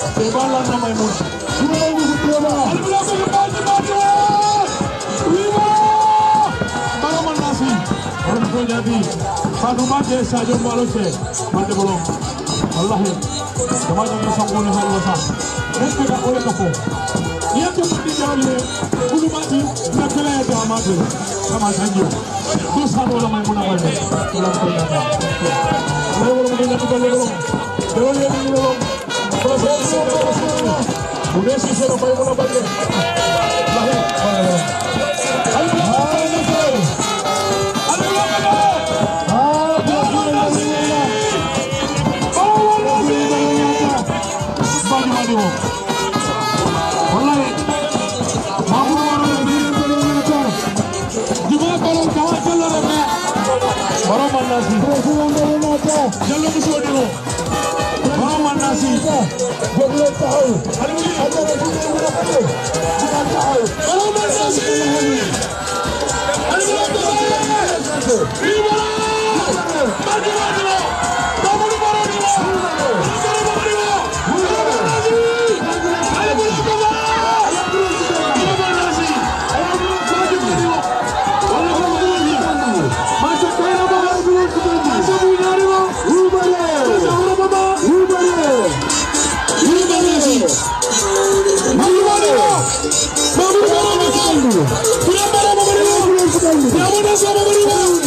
Ceballah Maimun. Alhamdulillah Lima. nasi? Orang jadi. belum. Allah jangan sambung hal besar. Nanti Ia Bulu Sama belum aplauso. Mujer sincera para una baile. మరో మళ్ళీ జల్లు kita Goblok tahu Ada lagi yang berapa Kita tahu Kalau masa sini Ada berapa Lima Maju maju Kamu lupa lagi Kamu lupa lagi Let's go,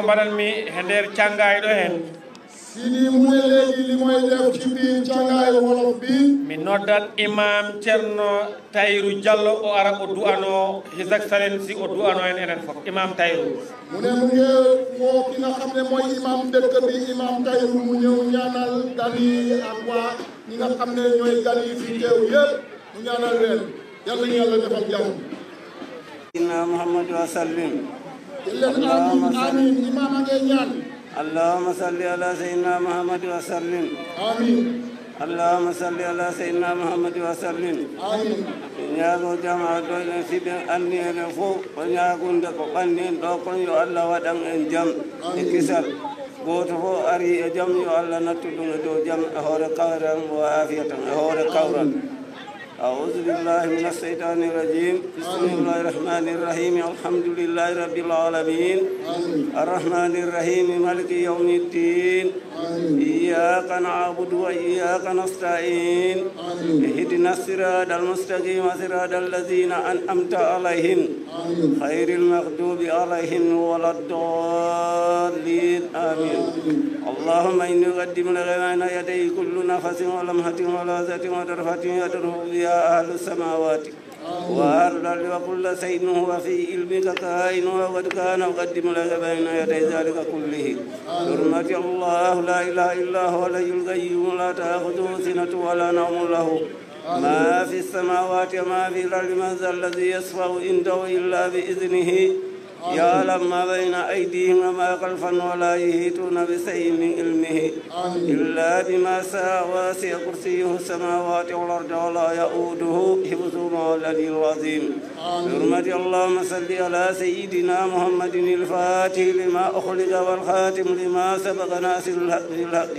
ko mbaɗanmi e nder canngaayɗo heen sini muye leydi limoye ɗew cimɓin canngaay e wolof mbi mi noddat imam ceerno tayru diallo o ara o du'ano his excellence o du'ano en enen fof imam tayru mune mu nge mo ki nga xam ne mooy imam dëkk bi imam tayru mu ñëw ñaanal gan yi ak waa xam ne ñooy gan fi teew yëpp mu ñaanal leen yàlla ñu yàlla defal jàmm inna muhammadu wa sallim اللهم صل على سيدنا محمد وسلم آمين اللهم صل على سيدنا محمد وسلم آمين يا ذو جمع جماعة نسيب أني رفو ونيا كنت قني دوكن يو الله ودن جم إكسر goto fo ari e jam yo allah nattuɗum e dow jam e hoore kawran wo أعوذ بالله من الشيطان الرجيم بسم الله الرحمن الرحيم الحمد لله رب العالمين الرحمن الرحيم ملك يوم الدين إياك نعبد وإياك نستعين اهدنا الصراط المستقيم صراط الذين أنعمت عليهم خير المغضوب عليهم ولا الضالين آمين اللهم إني أقدم لك بين يدي كل نفس ولمحة ولذة وطرفة يدره بها أهل السماوات وأرض وكل شيء هو في علمك كائن وقد كان يقدم لك بين يدي ذلك كله حرمة الله لا إله إلا هو الحي القيوم لا تأخذه سنة ولا نوم له ما في السماوات وما في الأرض من ذا الذي يشفع عنده إلا بإذنه يا لما بين أيديهم وما قلفا ولا يهيتون بشيء من علمه إلا بما ساء واسع كرسيه السماوات والأرض ولا يؤوده حفظهما والذي العظيم برمتي اللهم صل على سيدنا محمد الفاتح لما أخرج والخاتم لما سبق ناصر الحق للحق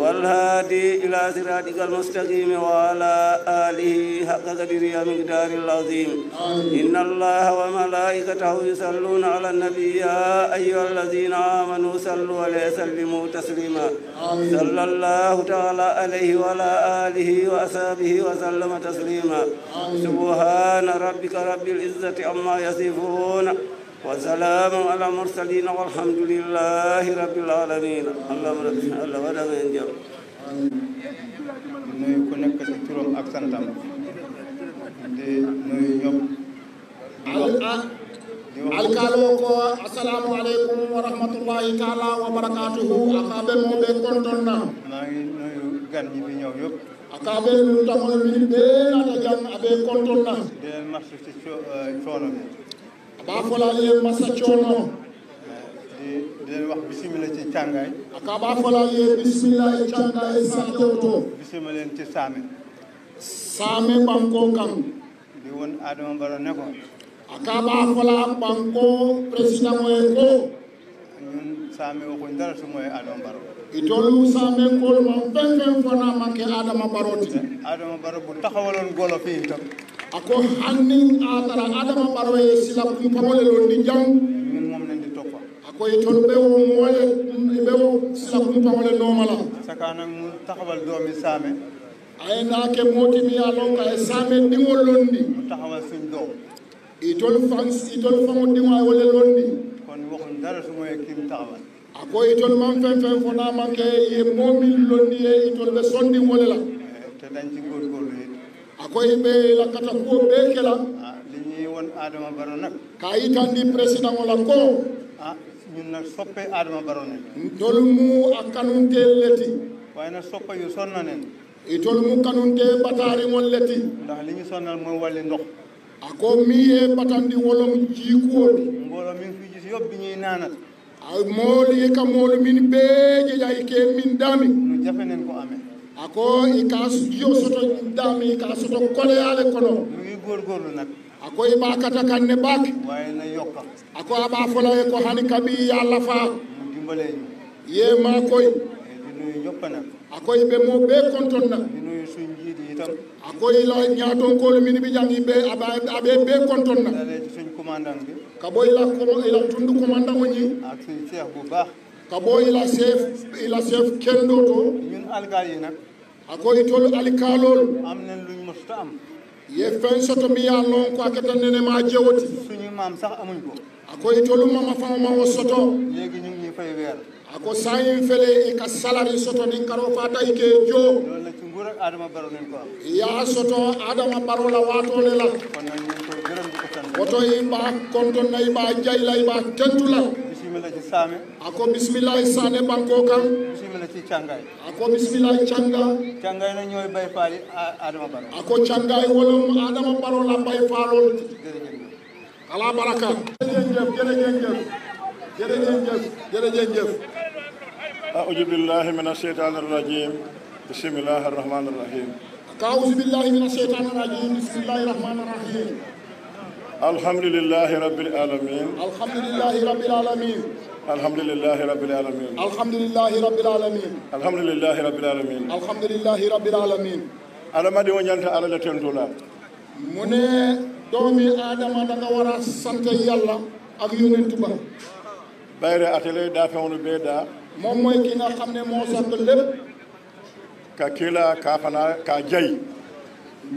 والهادي إلى صراطك المستقيم وعلى آله حق قدر يا مقدار العظيم إن الله وملائكته يصلون على النبي يا أيها الذين آمنوا صلوا عليه وسلموا تسليما صلى الله تعالى عليه وعلى آله وأصحابه وسلم تسليما سبحان ربك رب العزة أما يصفون وسلام على المرسلين والحمد لله رب العالمين اللهم رب الله ولا من جل نوي كونك كسر الأكسن تام دي نوي يوم alkalo ko assalamu alaykum wa rahmatullahi ta'ala wa barakatuhu akabe mo be kontonna nangi nuyu gan yi bi ñew yop aka aɓe lutamol min ɓe nata jam aɓe kontonna nden marsuti coono ɓe aɓa fola e massa coono nden wax bisimilla ci cangay aka aɓa fola e bisimilla e canga e satew to ci saame saame ɓanko kan ndi won adama mbaro ne aka aɓa fola ɓanko président moye ko ñun saame o ko ndara tumo adama mbaro itolu same kol ma fenfen fona manke adama baroti adama baro bu taxawalon golo fi tam a hanni atara a baro e sila kum pamole lon di jam min mom len di itolu be wo mole be wo sila kum pamole no mala sakana mu taxawal domi same ay na ke moti mi alon ka same dingol londi itolu fans itolu famo dingo ay londi ako itol man fen fen nama ke ye momin londi ye itol be sondi wole la eh, te dañ be la kata ko be ke la ah, won adama ka itandi president wala ko ah ñun nak soppe adama baro ne tol mu akanun te leti way na soppa yu sonna nen itol mu kanunte te batari mon leti ndax li ñu sonnal moy walli ndox ako mi e batandi wolom ci ko mbolo min fi gis yob bi nanat moolu i ka moolu min bee jeja i ke min daami no a ko i ka jiyo soto daami i ka soto koleyaale kono a ko i b'a kata kan ne baake waaye na a ko a b'a fola ye ko hani kabi ya lafaa mu dimbalee ñu ye maa a ko i be moo bee konton na di nuyu suñ yi itam a ko i la ñaatonkolu min bi jang i be a be bee konton na dalee ci suñ commandant ka bo ila ila tundu komanda wonyi ak cheikh bu baax ka bo ila chef ila chef kendo to ñun alkaal yi nak ako itolu alkaalol am nañ luñ musta am ye fen soto mi ya non ko akata nene ma jewoti suñu mam sax amuñ ko ako itolu mama fama ma wo soto legi ñu ñi fay weer ako sayin fele e ka salari soto ni karo tay ke jo loolu ci nguur ak adama baro nen ko am soto adama baro la waatoo la kon ñu koy woto yimɓe konton nayɓa jaylay ɓa tentula bisimillaji same ako bisimillahi sane banko kan bisimillaji cangay ako bisimillahi canga cangay no ñooy bay faali adama baro ako cangay wolom adama baro la bay faalol ala baraka jërëjëf jërëjëf jërëjëf jërëjëf a بالله من الشيطان الرجيم بسم الله الرحمن الرحيم أعوذ بالله من الحمد لله رب العالمين الحمد لله رب العالمين الحمد لله رب العالمين الحمد لله رب العالمين الحمد لله رب العالمين الحمد لله رب العالمين على ما دي على لا تنتو لا دومي ادم انا ورا سانت يالا اك يونت با اتلي دا فون بيدا موم موي كي نغا خامني مو سانت ليب كاكيلا كافنا كاجاي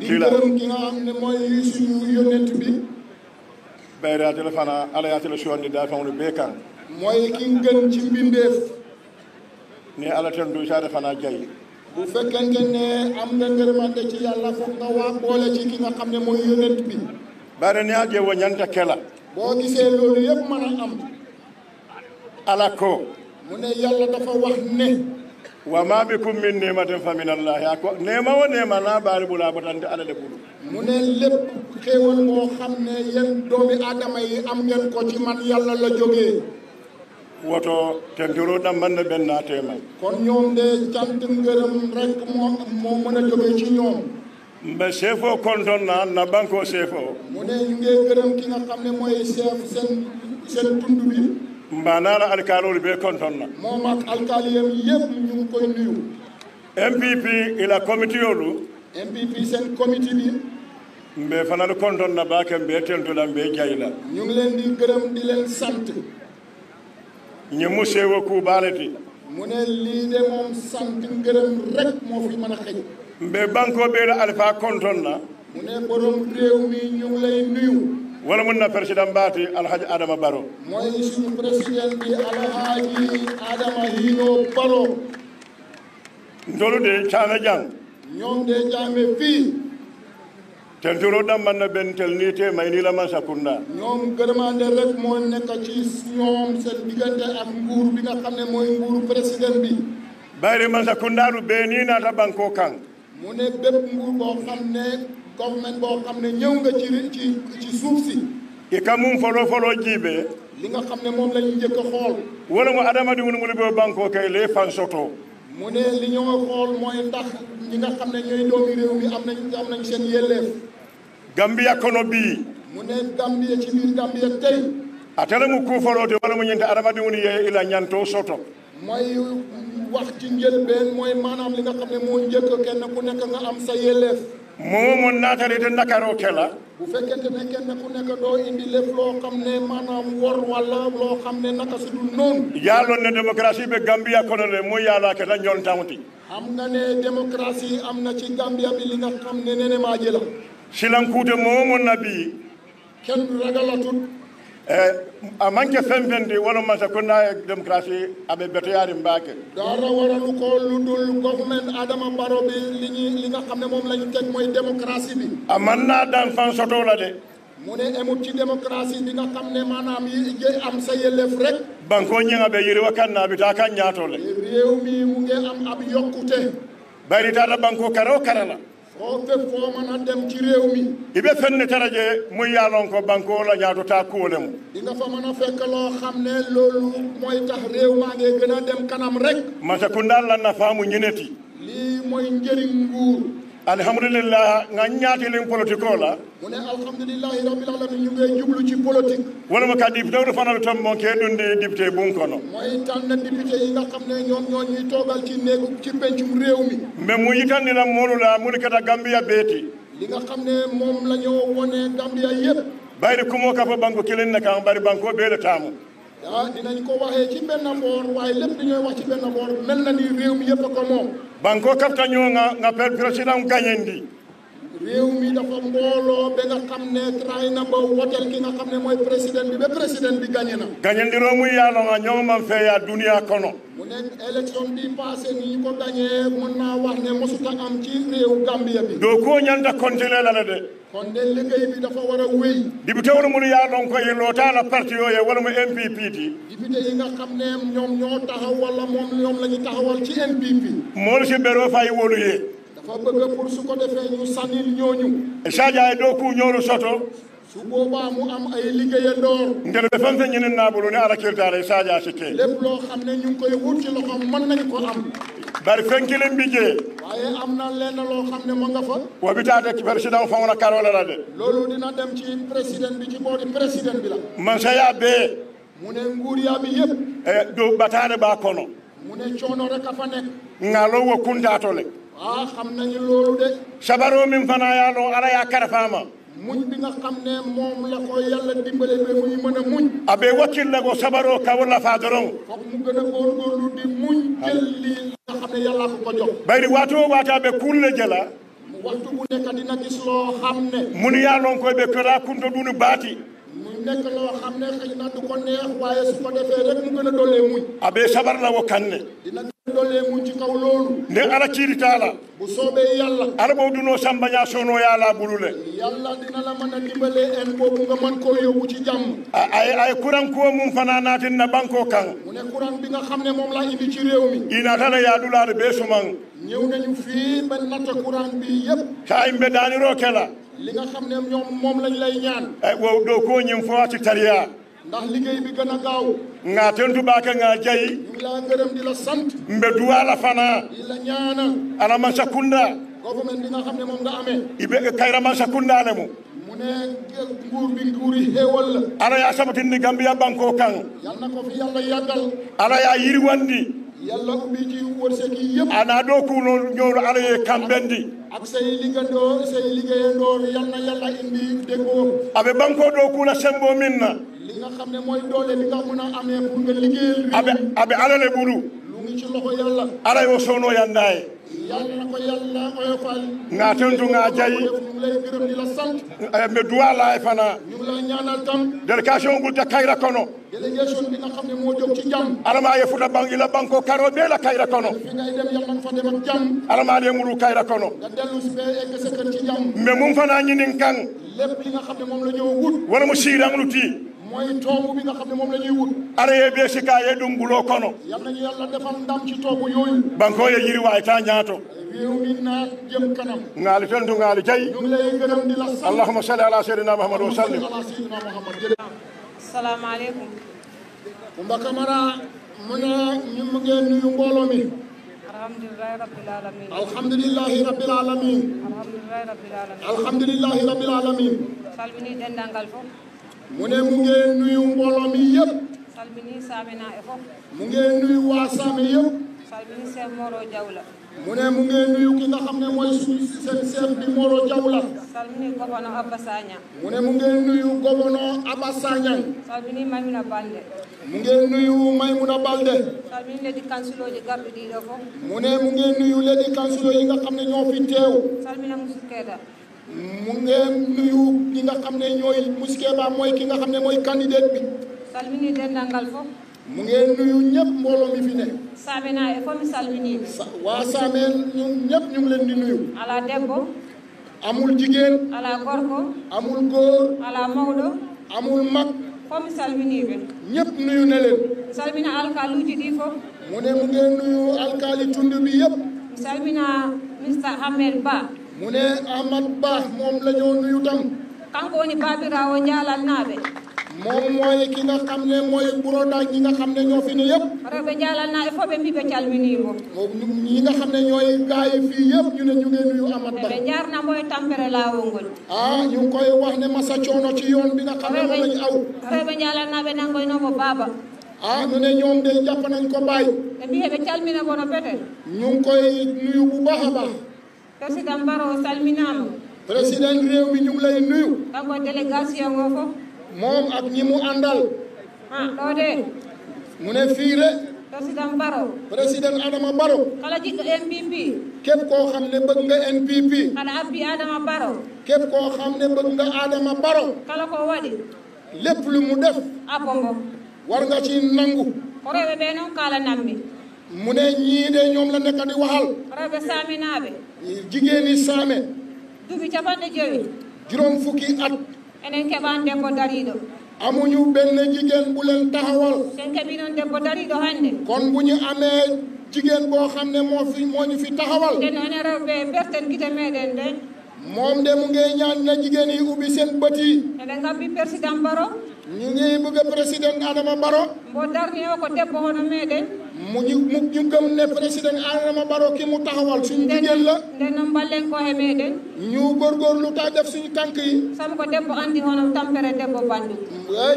ديرم كي نغا خامني موي يسو يونت بي bayratele fana alayatele condi da fewno be kan moye kin gën ci mbindeef ne ala ten dusade fana jayi bu fekkente am nga ci yàlla foog nga waa boole ci ki nga xam ne mooy yonent bi bare ne a je wo ñanta kela boo gisee loolu yëpp ma a am ala ko mu ne yàlla dafa wax ne wa ma bikum min ni'matin fa min allahi ako nema wo nema na baari bula botante ala le bulu mu ne lépp xéewal moo xam ne yéen doomi aadama yi am ngeen ko ci man yàlla la jógee woto tenkiro damman ne benn naa teema kon ñoom de cant ngërëm rek moo moo mën a jógee ci ñoom mbe seefoo konton na na banko seefoo mu ne ñu ngi gërëm ki nga xam ne mooy seef seen seen tund bi mbanana alkaalolu bee kontonna momak alkaaliyem yëpp ñu ngi koy nuyu mpp ila committeolu mpp seen committee bi mbe fanal kontonna baake mbe tentula mbe jayla ñu ngi leen di gërëm di leen sant ñi mu seewo ku baaleti mu ne lii de moom sant rek moo fi mën a xëj mbe banko bee la alpha kontonna mu ne borom réew mi ñu ngi lay nuyu wala mun na président mbaati alhaji adama baro mooy suñu président bi alhaji adama hino baro ndolu de caame jang ñoom de jaame fii tenturo damman na tel ni te may ni la man sakunda ñoom gërëmande rek moo nekk ci ñoom seen diggante ak nguur bi nga xam ne mooy nguuru président bi bayri man sakundaaru bee nii naata banko kan mu ne bépp nguur boo xam ne government boo xam ne ñëw nga ci suuf si i ka mum foloo foloo jiibee li nga xam ne moom la ñu njëkk xool wala mu adamadiŋolu mulu bee bankoo kay lee fan soto mu ne li ñoo xool mooy ndax ñi nga xam ne ñooy doomi réew mi am nañ am nañ seen yelleef Gambia kono bii mu ne Gambia ci biir Gambia tey atele mu kuufoloote wala mu ñente adamadiŋolu yee i la ñantoo soto mooy wax ci njëlbeen mooy maanaam li nga xam ne moo njëkk kenn ku nekk nga am sa moomu naatale te nakaroo ke la bu fekkente ne kenn ku nekk doo indi lépp loo xam ne maanaam wor walla loo xam ne naka su dul a yaaloon ne démocratie be Gambia kono le mu a ke la ñoon tawti xam nga ne démocratie am na ci Gambia bi li nga ne nene maa jëla silankuute moomu na bii kenn ragalatut Eh, a manque femfendi wono man sakonna e a aɓe betoyani mbaake dara waralu ko ludul government adama baro ɓe liñi li nga xam ne moom lañ teg mooy démocratie bi a manna dan fan sotola de mu ne emut ci démocratie bi nga xam ne maanaam yi je am sa yelleef rek banko ñinga ɓe yiri wakkan naaɓi ta kan ñaatole réew mi mu nge am ab yokkute bayri tata banko kara o kara la ibe fenne taraje muy yalon ko banko la ñaato ta kuwole mu dinga fa mëna fekk xam ne loolu mooy réew maa ngi gën a dem kanam rek mata la na ñeneti lii mooy njëriñ nguur alhamdulillah nga ñaatilen politique o la mone alhamdulillahi rabbil alamin ñu ngey jublu ci politique wonoma ka député to fanal tom mon ke ɗum de député bun kono moy tanna député yi nga xam ne ñoom ñoo ñuy toogal ci néegu ci pencum réew mi mais mu yitandi la molu la mu kata gambia beeti li nga xam ne la ñoo wone gambia yépp bayri kumo ka fa banko kelen na kan bari banko beele taamu ah dinañ ko waxee ci benn mboor waaye lépp dañooy wax ci benn mboor mel na ni réew mi yëpp a ko moom banko kaptañoo nga nga per président gañendi réew mi dafa mbooloo ba nga xam ne tray na ba wotel ki nga xam ne mooy président bi ba président bi gagné na gagnandiroo muy a ñoo man feeyaa duniya kono mu nekk élection bi passé ni ko gagnee mën naa wax ne mosuta am ci réew Gambia bi doo ko ñanta continuer la la de kon de liggéey bi dafa war a wéy député wala munu yaa doon koy lootaa la parti yooyu wala mu MPP ti député nga xam ne ñoom ñoo taxaw wala moom ñoom la taxawal ci dafa bëgg pour su ko defee ñu sànnil ñooñu. e sadia e dow ku ñoru soto su boobaa mu am ay liggéeyandoor a ɓe fen fen ñinen naabulu a ala kirtaare sadia sikke lépp loo xam ne ñu ngi koy wut ci loxoom mën nañ ko am bari fenkilin mbijee waaye am na lenn loo xam ne ma nga fa wo bitaade président fawna karola la de loolu dina dem ci président bi ci boori président bi la man saya bee mu ne nguur bi yëpp e eh, dow bataade baa kono mu ne coono rek a fa a ah, xam nañu loolu de sabaro min fana ya lon ala ya karafama bi nga xam ne moom la ko yàlla dimbale ba muy mën a muñ abe waccil la ko sabaro ka wala fa doron foog mu gën a góorgóorlu di muñ jël lii nga xam ne yàlla ko ko jox bayri waatoo waata be kuul la jëla waxtu bu nekk dina gis loo ne mun yaa lon koy be kala kunto dunu baati mu nekk loo ne xëy na du ko neex waaye su ko defee rek mu gën a doolee muñ abe sabar la wo kan dolle mun ci kaw loolu nden ala kiiritaala bu soobee yàlla ala ɓowduno sambaña sono yaala bulule yàlla dina la mën a dimbale en boobu nga mën koo yóbbu ci jàmm ay ay kuran kuwo mum fana naatin na banko kan mu ne kuran bi nga xam ne moom la indi ci réew mi inatala yaadulaade bee suman ñëw nañu fii ba natta kuran bi yëpp sa yimɓe daaniroo kela li nga xam ne ñoom moom lañ lay ñaan ay wow dow ko ñim fo waati tariya ndax liggéey bi gën a gaaw nga tentu baake nga jayi mbe duwa la fana ñaana ana man sakunda government nga xam ne moom nga amee ibe kayra man sakunda le mu mu ne nguur bi nguuri xéewal la ala yaa sabatindi Gambia banko kan yal na ko fi yàlla yàggal ala yaa yalla ummiji worseki a ana ɗo kuno ñowno ala ye kamɓendi ak sey liggando sey liggeyendo yalna yalla indi dego aɓe banko ɗo kuna sembo minna li nga xam ne mooy doole bi nga mun a amee pour nga liggéeyal aɓe aɓe alale ɓuru alay o sowno yandaye ga tentuga jaayi mi duwa laye fana délégation ngol ta kayra kono alama ye futa ban ila banko karo ɓe la kayra kono alama de nguru kayra kono mais mum fana ñinin kan wala mo siiranglu ti mooy toobu bi nga xam ne moom la ñuy wut araye be sikaye ɗum gulo kono yalla ñu yalla defal ndam ci toobu yooyu banko ye yiri wawi ta ñaato réew mi naa jëm kanam ngaali tel du ngaali jay ñu ngi lay gërëm di la sant allahuma salli ala seydina mahamad wa sallim salaamaaleykum Kumba Kamara mu ne ñu mu ngeen nuyu mbooloo mi alhamdulilahi rabbil alamin alhamdulilahi rabbil alamin mu ne mu ngeen nuyu mbooloo mi yëpp. salmini saamina e fof. mu nuyu waa saami yëpp. salmini Cheikh Moro Diaw la. mu ne mu ngeen nuyu ki nga xam ne mooy suñu seen chef bi Moro Diaw la. a gobono Abba Sagnan. mu ne mu ngeen nuyu gobono Abba a salmini Maymuna Balde. mu ngeen nuyu Maymuna Balde. salmini ledi kansuloji garɗuɗi ɗo nuyu ledi kansulo yi nga xam ne ñoo fi teew. salmina mu ngeen nuyu ki nga xam ne ñooy Mousquet Ba mooy ki nga xam ne mooy candidate bi salmini dendangal fof mu ngeen nuyu ñëpp mbooloo mi fi ne saamena e fof mi salmini sa waa saameen ñun ñëpp ñu ngi leen di nuyu ala debbo amul jigéen ala gorko amul góor ala mawɗo amul mag fof mi salmini ɓe nuyu ne leen salmina alkaluji ɗi fof mu ne mu ngeen nuyu alkaali tund bi yëpp mi salmina mister Ahmed Ba mu ne Amadou Ba moom la ñoo nuyu tam. kanko woni baabiraawo njaalalnaaɓe moom mooy ki nga xam ne mooy buroda ñi nga xam ne ñoo fi ne yëpp rewɓe njaalalnaaɓe fof ɓe mbi ɓe calminiimo ñi nga xam ne ñooy gaay fii yëpp ñu ne ñu ngi nuyu ah, koy wax ne masa coono ci yoon bi xam ne moom lañ aw rewɓe njaalalnaaɓe nangoynoomo baaba ah ñu ne ñoom de jàpp ko bàyyi e mbi heɓe calmina bono bete ñu ngi koy nuyu bu baax a président baro oh, salminaama président réew mi ñu lay nuyu abo délégation o fof moom ak ñi mu àndal ha ah, ɗo mu ne fii président baro oh. président adama baro kala jiɗɗo npp képp koo xam ne bëgg nga npp aɗa abbi adama baro képp koo xam ne bëgg nga adama baro kala ko waɗi lépp lu mu def abongo war nga ci nangu ko rewɓe ɓe noon kaalanammi mu ne ñii de ñoom la nekk di waxal. rewɓe saaminaaɓe. jigéeni saame. duuɓi capanɗe joyi. juróom fukki at. enen keɓan debbo dariiɗo. amuñu benn jigéen bu leen taxawal. sen keɓi noon debbo dariiɗo hannde. kon bu ñu amee jigéen boo xam ne moo fi moo ñu fi taxawal. nden onen rewɓe berten gite meeɗen de. moom de mu ngi ñaan na jigéen yi ubbi seen bët yi. eɓe ngabbi président Baro. ñu ngi bëgg président Adama Baro. mbo darni o ko debbo hono meeɗen. mu ñu mu ñu gëm ne président Adama Barrow ki mu taxawal suñu jigéen la ndenam mballe ko heɓe den ñu góorgóorlu ta def suñu tànk yi sabu ko debbo andi hono tampere debbo bandu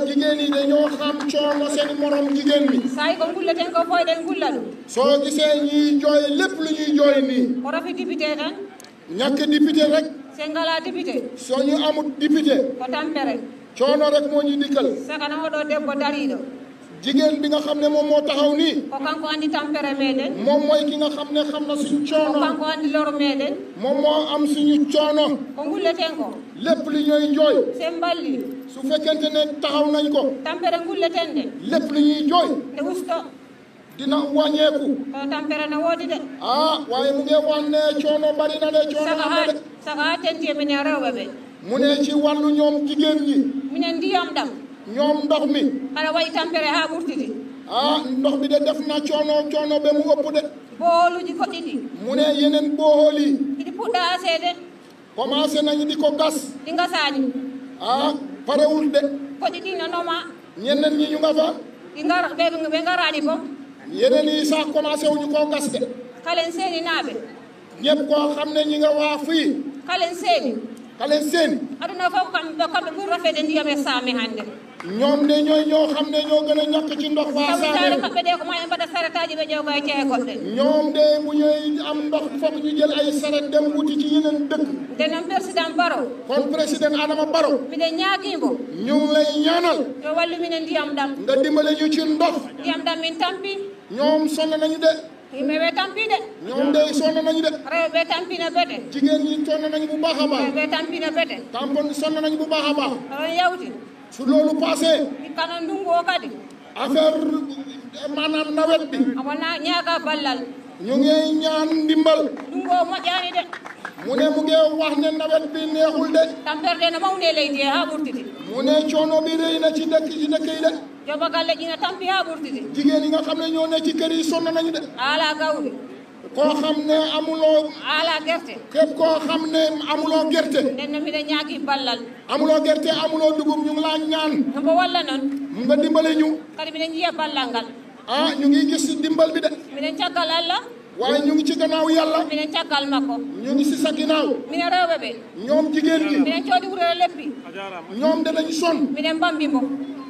jigéen yi dañoo xam coono seen morom jigéen mi sayi ko gulleten ko foy den gulla ɗum soo gisee ñuy jooy lépp lu ñuy jooy nii ko rafi député tan ñàkk député rek se ngala député soo ñu amut député ko coono rek moo ñu dikkal doo oɗo debbo dariɗo jigéen bi nga xam ne moom moo taxaw nii o kanko andi tampere meeɗen moom mooy ki nga xam ne xam na suñu coono o kanko andi loro meeɗen moom moo am suñu coono ko ngulleten ko lépp li ñooy jooy seen mballi su fekkente ne taxaw nañ ko tampere ngulleten de lépp li ñuy jooy nde wusto. dina wàññeeku o tampere na woodi de ah waaye mu ngi wan ne coono bari na de coono saka ha saka ha tentiye mine rewɓe ɓe mu ne ci wàllu ñoom jigéen ñi minen ndiyam dam ñoom ndox mi xana way tampere ha ɓurtiti ah ndox mi de def na coono coono be mu ëpp de booluji koɗɗiɗi mu ne yeneen boohooli iɗi puɗɗa aseede commencé nañu di ko gas ɗi gasaaji ah parewul de koɗi ɗinanoma ñeneen ñi ñu nga fa ɗi ngara ɓe ngaraɗi fof yeneen yi sax commencé wuñu ko gas de kalen seeni naaɓe ñëpp koo xam ne ñi nga waa fii kalen halen seeni aɗuna fof kam ɗo kamɓe ɓuuri rafede ndiyame saami hannde ñoom de ñooy ñoo a ñàkk saami maɓɓe de ñoom de bu ñoy am ndox foog ñu jël ci yeneen dëkk denon président baro kon président adama baro lay ñaanal yo wallu minen ndiyam ɗam nga dimbale ñu ci ndox ndiyam ɗam min tampi ñoom sonn nañu de yimɓe ɓe tampine ñoom de sonno nañu de rew ɓe tampine bete jigéen ñi sonno nañu bu baax a baax ɓe bete tampon sonno nañu bu baax a baax oɗon yawti su loolu passé kana ndungu o kadi affaire maanaam nawet bi wona ñaaga ballal ñu ngi ñaan ndimbal. ɗumɗo moƴƴani de mu ne mu ngi wax ne nawet bi neexul de tamperde no mawne leydi he ha ɓurtiti mu ne coono bi rëy na ci dëkk ci dëkk yi de joba galle ji na tampi ha ɓurtiti jigéen yi nga xam ne ñoo ne ci kër yi sonn nañu de ala gawri koo xam ne amuloo ala gerte képp koo xam ne amuloo gerte nden no ñaa ñaagi ballal amuloo gerte amuloo dugub ñu ngi laa ñaan mbo walla noon nga dimbale ñu kadi mbiɗa jiya ballal ngal ah ñu ngi gis dimbal bi de. mi ne càggal la. waaye ñu ngi ci gannaaw yàlla. mi ne càggal ma ko. ñu ngi si sa ginnaaw. mi ne rewbe be. ñoom jigéen ñi. mi ne coodi wuree leppi. ñoom de dañu sonn. mi ne mbambi mo.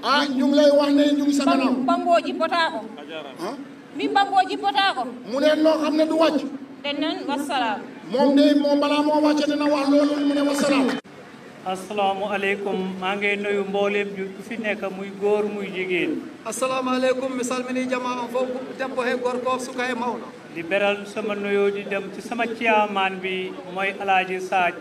ah ñu ngi lay wax ne ñu ngi sa gannaaw. mbambooji potaako. ah. mi mbambooji ne loo xam ne du wàcc. dañ naan wasalaam. moom de moom balaa moo wàcce dina wax loolu mu ne wasalaam. asalaamaaleykum maa ngi nuyu mbooleem ju fi nekk muy góor muy jigéen asalaamaaleykum mi salmini jamaam fof debbo he gorko suka e mawɗo di beral sama nuyoo di dem ci sama ciyaamaan bi mooy alaaji saaj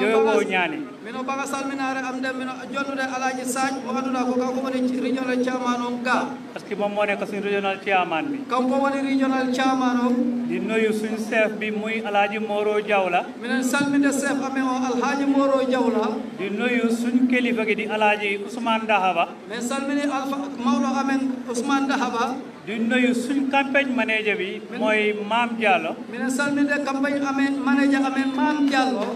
yo wo ñaani mino baga salminare am de mino jonnude alaji sadj mo ganduɗa ko kanko woni regional chairman ga par ce que moom moo nekk suñ regional chairman bi kanko woni regional chairman o di nuyu suñ chef bi muy alaji moro diawla minen salminde chef amen o alhaji moro diawla di nuyu suñ kilifa gi di alaji ousmane dahaba min salmini alfa mawɗo amen ousmane dahaba di nuyu suñ campagne manager bi mooy maam diallo minen salminde campagne amen manager amen maam diallo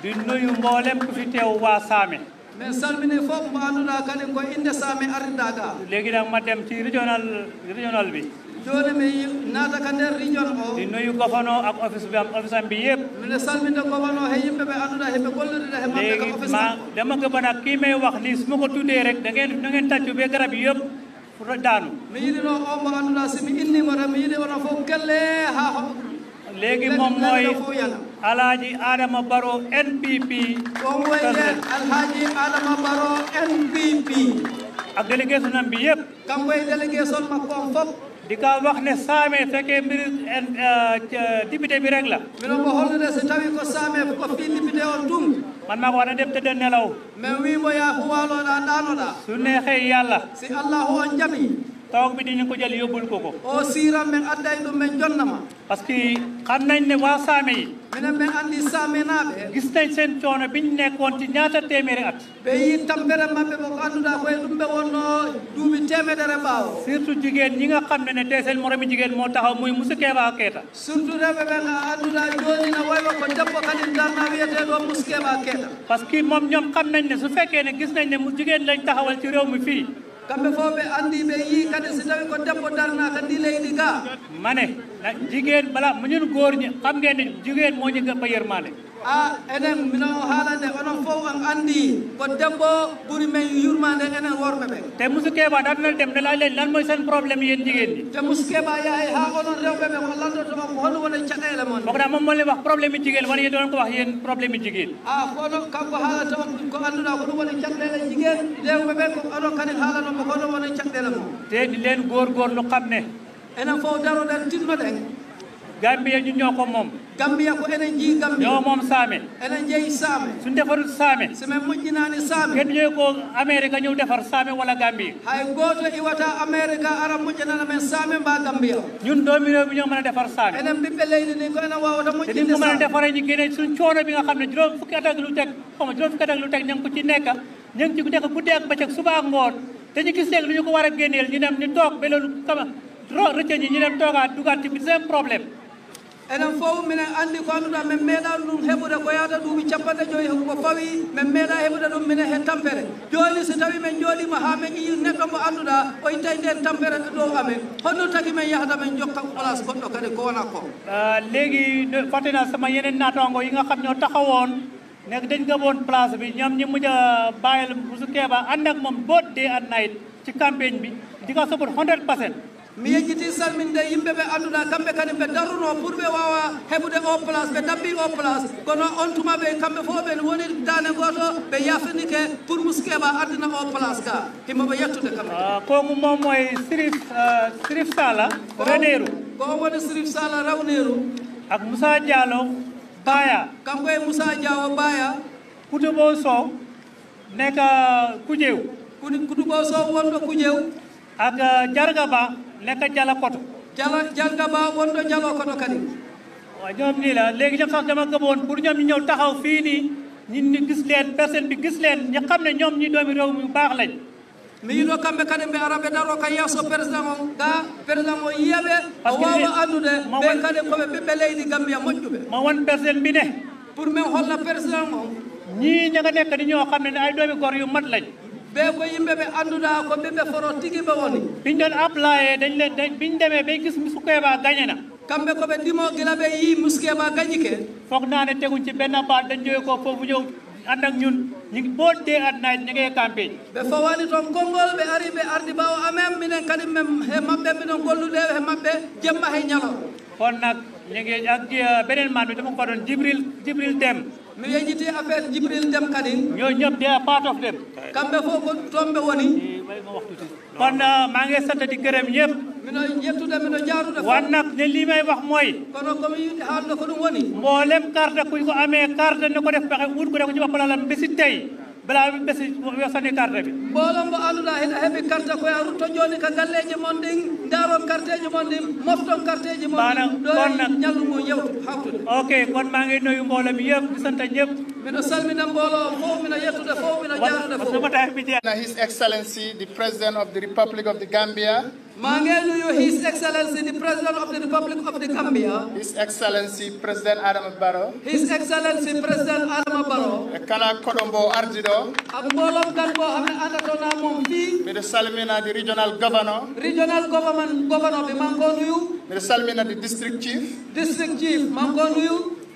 di nuyu mboolem ku fi teew waa Saame min salmini fof mbo annduɗa kadi ko inde saame ardirɗa ga léegi nag ma dem ci régional régional bi joni mi naata ka nder o ɗi noyi gofano ak office bi am office am mbi yeb mine salminde gofano he yimɓe ɓe annduɗa heɓe he maɓɓe ka dama ko bana kiimay wax li suma ko tuddee rek da ngeen da ngeen garab yëpp daanu mi yiɗino o mo annduɗa simi innimo tan mi yiɗi ona fof gelle ha léegi moom mooy alaaji Adama Baro NPP president alaaji Adama Baro NPP ak délégation am bi yëpp kam koy délégation makkoom fop di wax ne saame fekkee mbir euh, euh, député bi rek la mino mo hollude so tawi ko saame ko fii député on tum man maa ko waɗa def tëdd nelaw mais wiimo yaa ko waalooɗaa ɗaanoɗaa su neexee yàlla si allahu on jaɓi tawak bi dinañ ko jël yóbbul ko ko o oh, siira men adday ɗum men jonnama parce que xam nañ ne waa saame yi minen men andi saame naaɓe gis nañ seen coono biñ nekkoon ci ñaata téeméeri at ɓe yi tampere maɓɓe mo ko annduɗa koye ɗum ɓe wonno duuɓi temedere ɓaawo surtout jigéen ñi nga xam ne ne te seen moromi jigéen moo taxaw muy musu keeba keeta surtout rewɓe ɓen a annduɗa jooni na wa ko debbo kadi darna wiyete ɗo musu keeba keeta parce que moom ñoom xam nañ ne su fekkee ne gis nañ ne mu jigéen lañ taxawal ci réew mi fii kamɓe fof ɓe anndi ɓe yii kadi so tawi ko debbo darnaaka ndi leydi ga mane jigéen bala muñun góor ñi xam ngeen ne jigéen moo ñu gëpp yërmaande a enen mino haalande onon fof on anndi ko debbo ɓuri men yurmande enen worɓe ɓe te musu keɓa ɗatnal dem ne laalen lan moy sen probléme yen jigéen ɗi te musu keɓa yahay haa onon rewɓe ɓe ko lanndotoma ko hono wona caɗeele moon fogɗa moom molle wax probléme jigéen wona yen ɗon ko wax yen probléme jigéen a kono kanko haalata on ko annduɗa ko ɗum wona caɗɗeele jigéen rewɓe ɓe ko onon kadi haalanoɓe hono wona caɗɗeele moon te ɗi leen goor goor lu xam ne enen fof daroɗen tinnoɗen Gambia ñun ñoo ko moom. Gambia ko enen jii Gambia. ñoo moom saame. enen jeeyi saame. suñu defarul saame. sime moƴƴinaani saame. ko Amérique ñëw defar saame wala Gambie. hay gooto iwata Amérique ara moƴƴinana men saame mbaa Gambia. ñun doomi réew mi ñoo mën a defar saame. enen ɓiɓɓe leydi ni ko enen waawata moƴƴinde saame. coono bi nga xam ne juróom fukki at ak lu teg juróom fukki at ak lu teg ko ci nekk ña ngi ci nekk guddi ak bëccëg suba ak ngoon te ñu gis léegi a génneel ñu dem enen fof minen anndi ko annduɗa min meeɗa ɗum heɓude ko yahata duuɓi capanɗe joyi ko fawi min meeɗa heɓude ɗum minen he tampere jooni so tawi min jooɗima haa min ƴii neɗɗo mo annduɗa o ittayi nden tampere dow amen honno tagi min yahata min jokka place goɗɗo kadi ko wona ko léegi fatina sama yeneen naatango yi nga xam ñoo taxawoon nekk dañ gëmoon place bi ñoom ñi mujj a bàyyil Ouzou Keeba ànd ak moom both day and night ci campagne bi di ko support 100 pour mi yejjiti salminde yimɓe ɓe annduɗa kamɓe kadi ɓe darruno pour ɓe wawa heɓude o place ɓe dabbi o place kono on tuma ɓe kamɓe fof ɓen woni dane goto ɓe yafinike pour muskeɓa addina o place ka himmoɓe yettude kamɓe ah, kongu mom moy sirif ah, sirif sala raneru ko on sirif sala rawneru ak moussa dialo baya kanko e moussa diawo baya kutubo sow kujew kutubo sow kujew ak jarga ah, ba leka jala koto jala janga ba do jalo koto kadi wa ñom ni la legi ñoom xam dama gëmoon pour ñom ñu ñew taxaw fi ni ñi ni gis leen personne bi gis leen ñi xam ne ñoom ñi doomi rew mi baax lañ mi yiɗo kamɓe kadi ɓe araɓe daro ka so président o ga mo o wa wa wawa de ɓe kadi be be leydi mo moƴƴuɓe ma won personne bi ne pour min holla président mo ñi ña nga di ñoo xamne ne ay doomi gor yu mat lañ ɓe ko yimɓe ɓe annduɗa ko ɓiɓɓe foro tigi ɓe woni ɓin ɗon applayé dañ le ɓin demee ɓe gis musukeba gañana kamɓe koɓe ndimo gila ɓe yi muskeba gañi ke fognane tegun ci benn mbaɗ ɗen joyi ko fof ñow ànd ak ñun ñu ngi boo dee at naaj ñu ngi campagne ɓe fawani toon konngol ɓe ari ɓe ardi ɓawo amen minen kadi men he maɓɓe minen gollude he maɓɓe jemma he ñalo kono nak ñu ngi ak eh, beneen man bi dama ko doon jibril jibril dem miyeejiti affaire jibril dem kadi ñoo ñëpp de a part of dem kamɓe fof ko tomɓe woni eh, kon ah, maa ngi sant di gërëm ñëpp mino yettude mino jaarude ne lii may wax mooy kono komi yiɗi haalde ko ɗum woni mboolem carte kuñ ko amee carte ne ko def pexe wut ko def ko ci bappalalam bési tey bala min mbesi yosani carte bi mboolo mbo annduɗa hina heɓi carte koye a rutto joni ka galleji mon ɗin daron carteji mon ɗin mofton carteji mon mana konna ñallugu yewtu hawtude ok kon ma ngi nuyu mboolo mi yëpp di sant ñëpp mino salmina mboolo fof mino yettude fof mino jaarude fof his excellency the president of the republic of the maa ngi His Excellency the President of the Republic of the Gambia. His Excellency President Adama Barrow. His Excellency President Adama Barrow. e kala koɗombo ardiɗo. ak mbooloom gan boo xam ne àndatoon salmina the regional governor. regional government governor bi maa ngi ko salmina the district chief. district chief maa ngi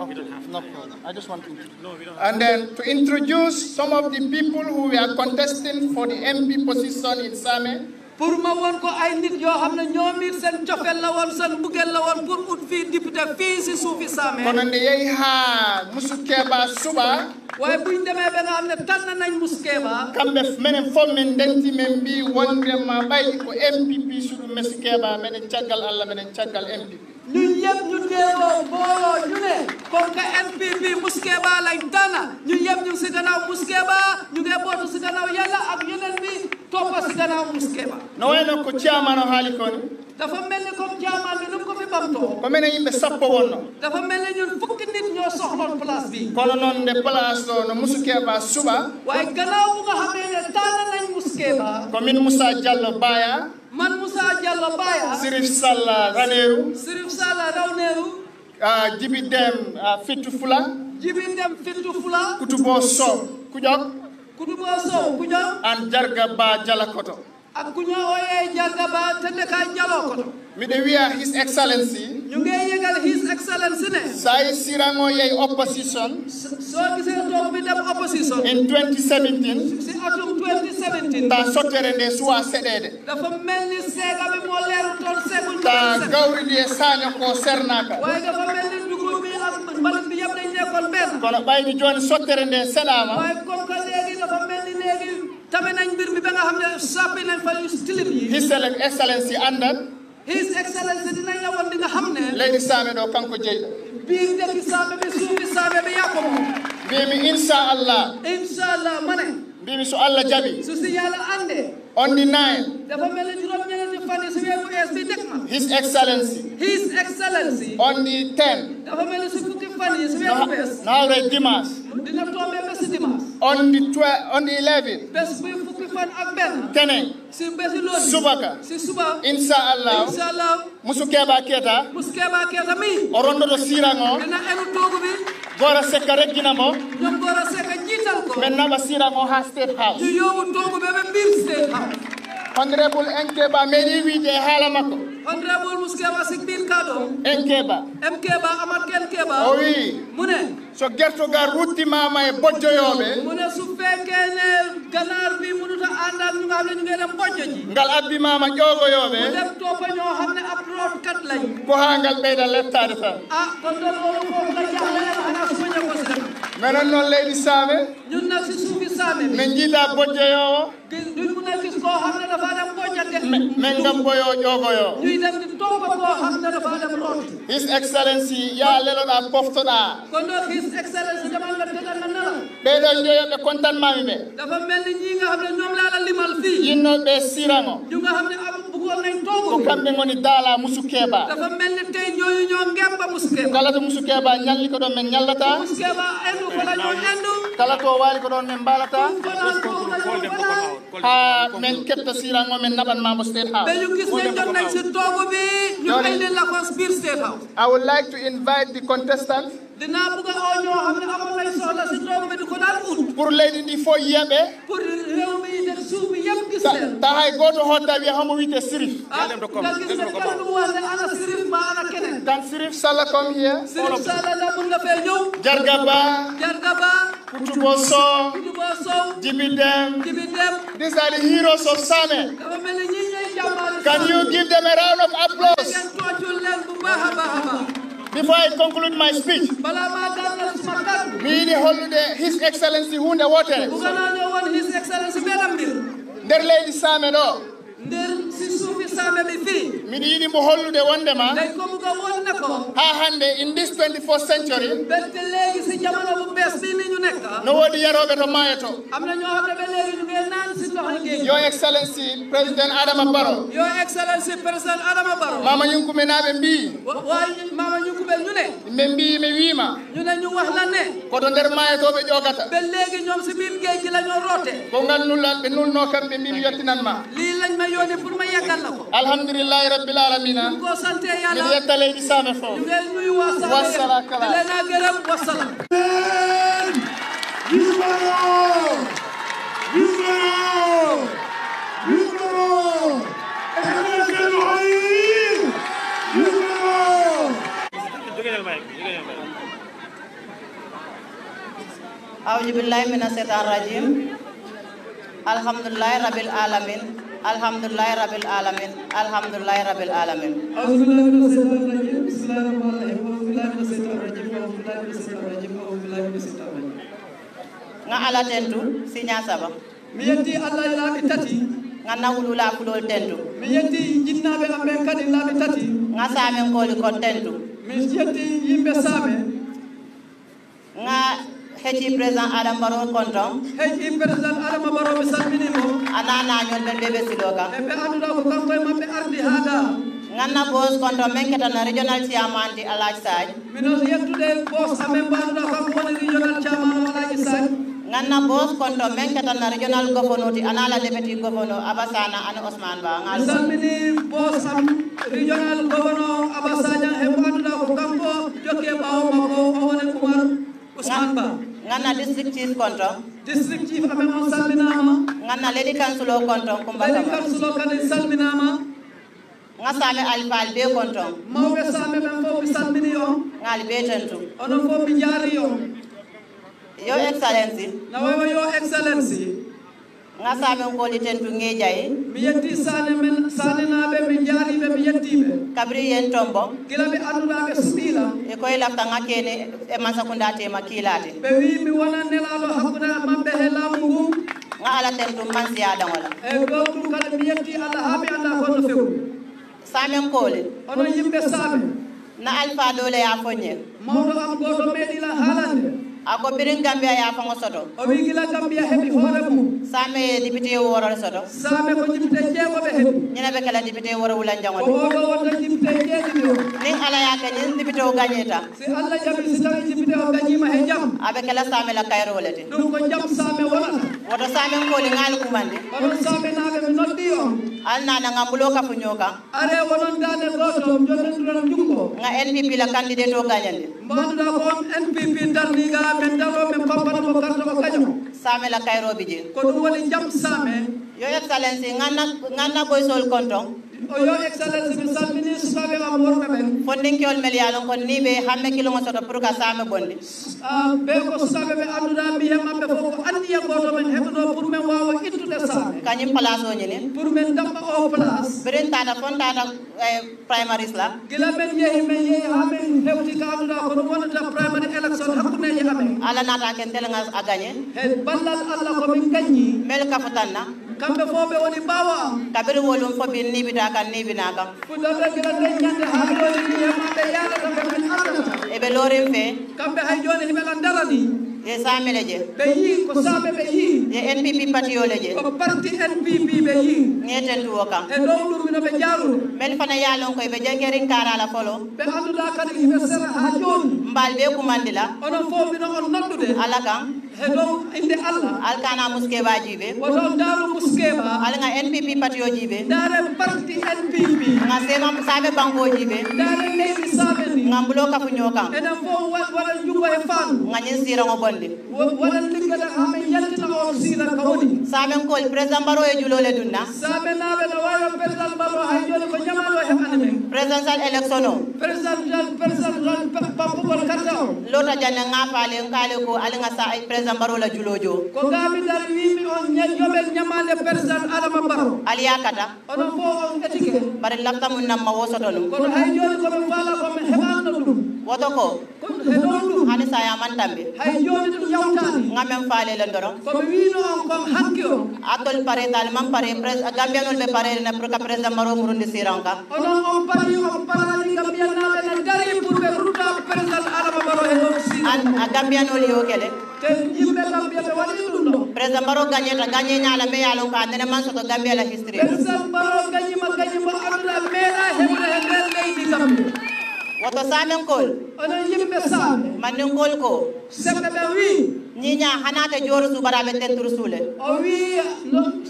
Okay. No problem. I just want to. No, we don't and then to introduce some of the people who are contesting for the MP position in Same. pour ma woon ko ay nit yoo xam ne ñoom it seen cofeel la woon seen buggeel la woon pour ut fii député fii si suufi Saame. kono ndi yey haa Musu Keba suba. waaye bu ñu demee ba nga xam ne tànn nañ Musu Keba. kamɓe minen fof min ndenti min mbi wonde ma ɓay ko MPP suɗu Musu Keba minen caggal Allah minen caggal MPP. ñun yëpp ñu teeloo booloo ne comme que NPP Mouskéba lañ tànn ñun yëpp ñu si gannaaw Mouskéba ñu ngi bootu si gannaaw yàlla ak haali ko ni dafa mel ni comme chairman bi nu mu ko fi bamtoo ko mel ne yimɓe sappo wonno dafa mel ni ñun fukki nit ñoo soxloon place bi kono noon nde place ɗo no Mouskéba suɓa waaye gannaaw bu nga xamee ne tànn nañ Mouskéba ko min Moussa Diallo Baya man Moussa Diallo Baya. Sirif Salla Raneeru. Sirif Salla Raneeru. Uh, jibi dem ah, fula. jibi dem fula. kutuboo sow ku kutuboo sow ku an jarga ba jalakoto. miɗe wiya his excellency ñu ngi sottere nde suwa seɗede dafa mel ni e saño ko sernaka ak mbalit bi yëpp dañ nekkoon benn kono ɓayni joni sottere nde seɗama waaye comme tabe nañ mbir mi ba nga xam ne soppi nañ fa tilim yi excellence yi excellence dinañ la woon di nga xam ne leydi saame ɗo kanko jeyɗo bii ndeki saame bi suufi saame bi yaa ko bii mi insha allah insha allah ma ne mbimi so allah si ande on the nine dafa juróom ma his excellency his excellency on the ten dafa mel dina on the twelve on the eleven bés fan ak benn tene si bési loolu subaka si suba insha allah insha musu keeba keeta musu keeba keeta mi o rondoto sirango ena enu toogu bi gora sekka reggina mo ñom gora sekka jiital ko men naba sirango ha toogu be be mbir state house honorable enkeba mairie wiide haala makko honorable muskeba sigbin kaɗo enkeba mkeba amat ken keba o oh wi mune so guertogal ruttimama e bojjoyoɓe mune so fekene ganar wi munuta andal ñu gamle ñu ngeɗen bojjoji ngal abbimama ƴogoyoɓe dem to paño kat lay ko ha ngal ɓeyda lettade tan a kon ɗon ono ko gaƴƴa leɗa ana sumaña ko sen menen noon leydi saame ñun nag si suufi saame min jiiɗa bojjoyowo ɗum nekk ngam boyo ƴogoyo ñuy dem di toggo ko xam ne dafa dem rotti his noon his excellency jamangal teɗanga nala ɓeɗon joyoɓe nga xam ne ñoom laala nañ toogu kala to ko ɗon min mbalata ha min ketta min state house i would like to invite the contestants pour leydi ndi fof yiyaɓe pour réew mi nder suubi yam gis leen ta hay gooto hodda wiya homo wiyete sirif ngal gis leen kala ɗum wasde ana sirif ma ana kenen kan sirif salla kom hiya sirif salla la mun nga fee ñëw jarga ba jarga ba kutubo sow kutubo sow jibi dem jibi dem these are the heroes of same mel ni ñi ñay jàmbaar can you give them a round of applause ngeen toocul leen bu baax a baax a baax before I conclude my speech, miiɗi hollude his excellency Hunda hunde wotere nder leydi saamen o miɗa yiɗi mbo hollude wondema ha hande in this 24 century no woodi yaroɓe to yo excellency président adama baro yo excellency président adama baro mama mbi mama mbi mi wiima ñu ne koto nder ƴogata ɓe leegi ñoom si la ñoo ko ngal nullal ɓe nulno yettinan ma lañ الحمد لله رب العالمين أعوذ بالله من الشيطان الرجيم الحمد لله رب العالمين alhamdulillahi rabbil alamin alhamdulillahi rabbil alamin a'udzubillahi minash shaitanir rajim bismillahir rahmanir rahim a'udzubillahi minash shaitanir rajim a'udzubillahi minash shaitanir rajim a'udzubillahi minash shaitanir rajim nga ala tentu sinya saba mi yetti allah e laabi tati nga nawulula kulol tentu mi yetti jinnaɓe amɓe kadi laabi tati nga saamen kooli kon tentu mi yetti yimɓe saame nga hecci président adama baro konton hecci président adama baro mi salmini anana ñol men bebe silo kan e bos kondo men ketana regional chairman di alaji saj mino iya bos amen mbaɗuɗa kanko woni regional chairman alaji saj bos kondo men regional gouverneur di anala deputy gouverneur abasana an osman ba ngal bos regional gouverneur abasana e eh, mbaɗuɗa anu ko kanko jokke ɓawo osman ba nga na district chief konton district chief amemo salminama nga na lady councilor konton kumba lady councilor kadi salminama nga same alfaal be konton mawɓe same ɓen fof mi salmini on ngaali be tentu excellency excellency nga saabe ngoli tentu ngejayi e? mi yetti sane men sanenaɓe mi be mi be kabri yen tombo kila ɓe annduɗaɓe suɓiila e koy lafta nga kene e mansakunda ma kiilate be wi mi wona nelalo hakkude maɓɓe he laamu ngu nga ala tentu mansiyaɗaŋola e gowɗum kala mi yetti ala ha ala annda holno fewu samen koole ono yimbe saabe na alfa dole ya foñel mawɗo am goto meeɗila haalande ako birin gambia yafango soto o wi gila gambia heɓi hoore mum same député worore soto same ko jimte jeegoɓe heɓi ñina ɓe kala député woro wulan jangol oɗo wonta jimte jeeɗiɗi o nin ala yake ñin député o gagne tan si allah jaɓi si tawi député o gagnima he jam aɓe kala same la kayrole te ɗum ko jam same wonata woto same kooli ŋaali kumande onon same naɓe mi noddi o alnana ngam mbulo kafu ñokan are wonon dane goto jonnodirana jungo ga npp la candidate o gagnande mbaɗuɗa ko on npp darniga a min dalo min pampana ko garta ko kañum saame la kayroɓe je ko ɗum woni jaam saame yo excellenci ganna ganna boysol konton Your Excellency, Mr. Minister, I'm more than Funding your Melialon, Nibe, Hamekilomas of the Pruka Sama Bondi. Ah, Beko Sabe, Aduna, Miyama, before Andia Bottom and Hebron, Purmewa into the Sun. Can you Palazzo, Purmen Dapa or Palas? Brentana Fontana eh, Primary Sla. Gilaben Yehi, Hamen, Heutikana, Corona Primary Election, Hakune Yamen. Alanata can tell us again. Ballas Allah Melka Fatana. kamɓe fo ɓe woni mbawa kaɓeɗo wolum fo min niɓita kan niɓina kam fuɗɗoɓeɓeɗeñande haɓe e yaɗata kamen aɗata eɓe lorin fe kamɓe hay joni himeɗan darani e samele je ɓe yi ko saɓe ɓe yi e npp patiyole je o parti npp ɓe yi ñeten tuwo kam e ɗow ɗuminoɓe jaruru men fana yalon koye ɓe jangerin karala folo ɓe annduɗa kadi ɓe sera ha joni mbal ɓe kumandila onon fo mino on noddude ala kam hello inde allah alkana muskeɓa jiɓe woton daro muskeɓa alaga npp patio jiɓe dare parti npp ga sema saɓe banko jiɓe dare leydi saɓe ni ga mbulo kafu ñokan enen fo waɗan jugo e faanu ga ñin sirago bonde waɗan liggata hame yalta on sira ka woni saɓen kol président mbaro e julole dunna saɓe naɓe no wawan président mbaro hay joni ko jamano e hane men présidential élection o présidential présidential pampugol karta o lota janne ga faale kale ko alaga sa président tambaro la julojo ko gaami tan wimi on ñoɓel ñamande président adama baro a kata onon fo on a bare labtamu namma wosotono kono hay joni komin faala komin heɓano ɗum woto ko hani saya man tambe hay joni ɗum yawtani ngamen faale le doron koɓe wino on kon hakki o atol pare dal mam pare pres gambia gambiyanol ɓe parede ne pour que président maro murundi siranga siran pare onon on pari on parani gambiyanaɓe ne dari pour ɓe ruta président adama maro e non si an a gambiyanol yo kele te yimɓe gambiyaɓe waɗi ɗum ɗo président maro ganye ta ganye nya la me ya lo ka nene man soto gambia la histrie président maro ganye ma gagnima gagnimo anduɗa meeɗa heɓude hebre nder leydi gambi woto samen kol ono yimɓe saame manninkol ko sembe ɓe wii ñiña hanata jooru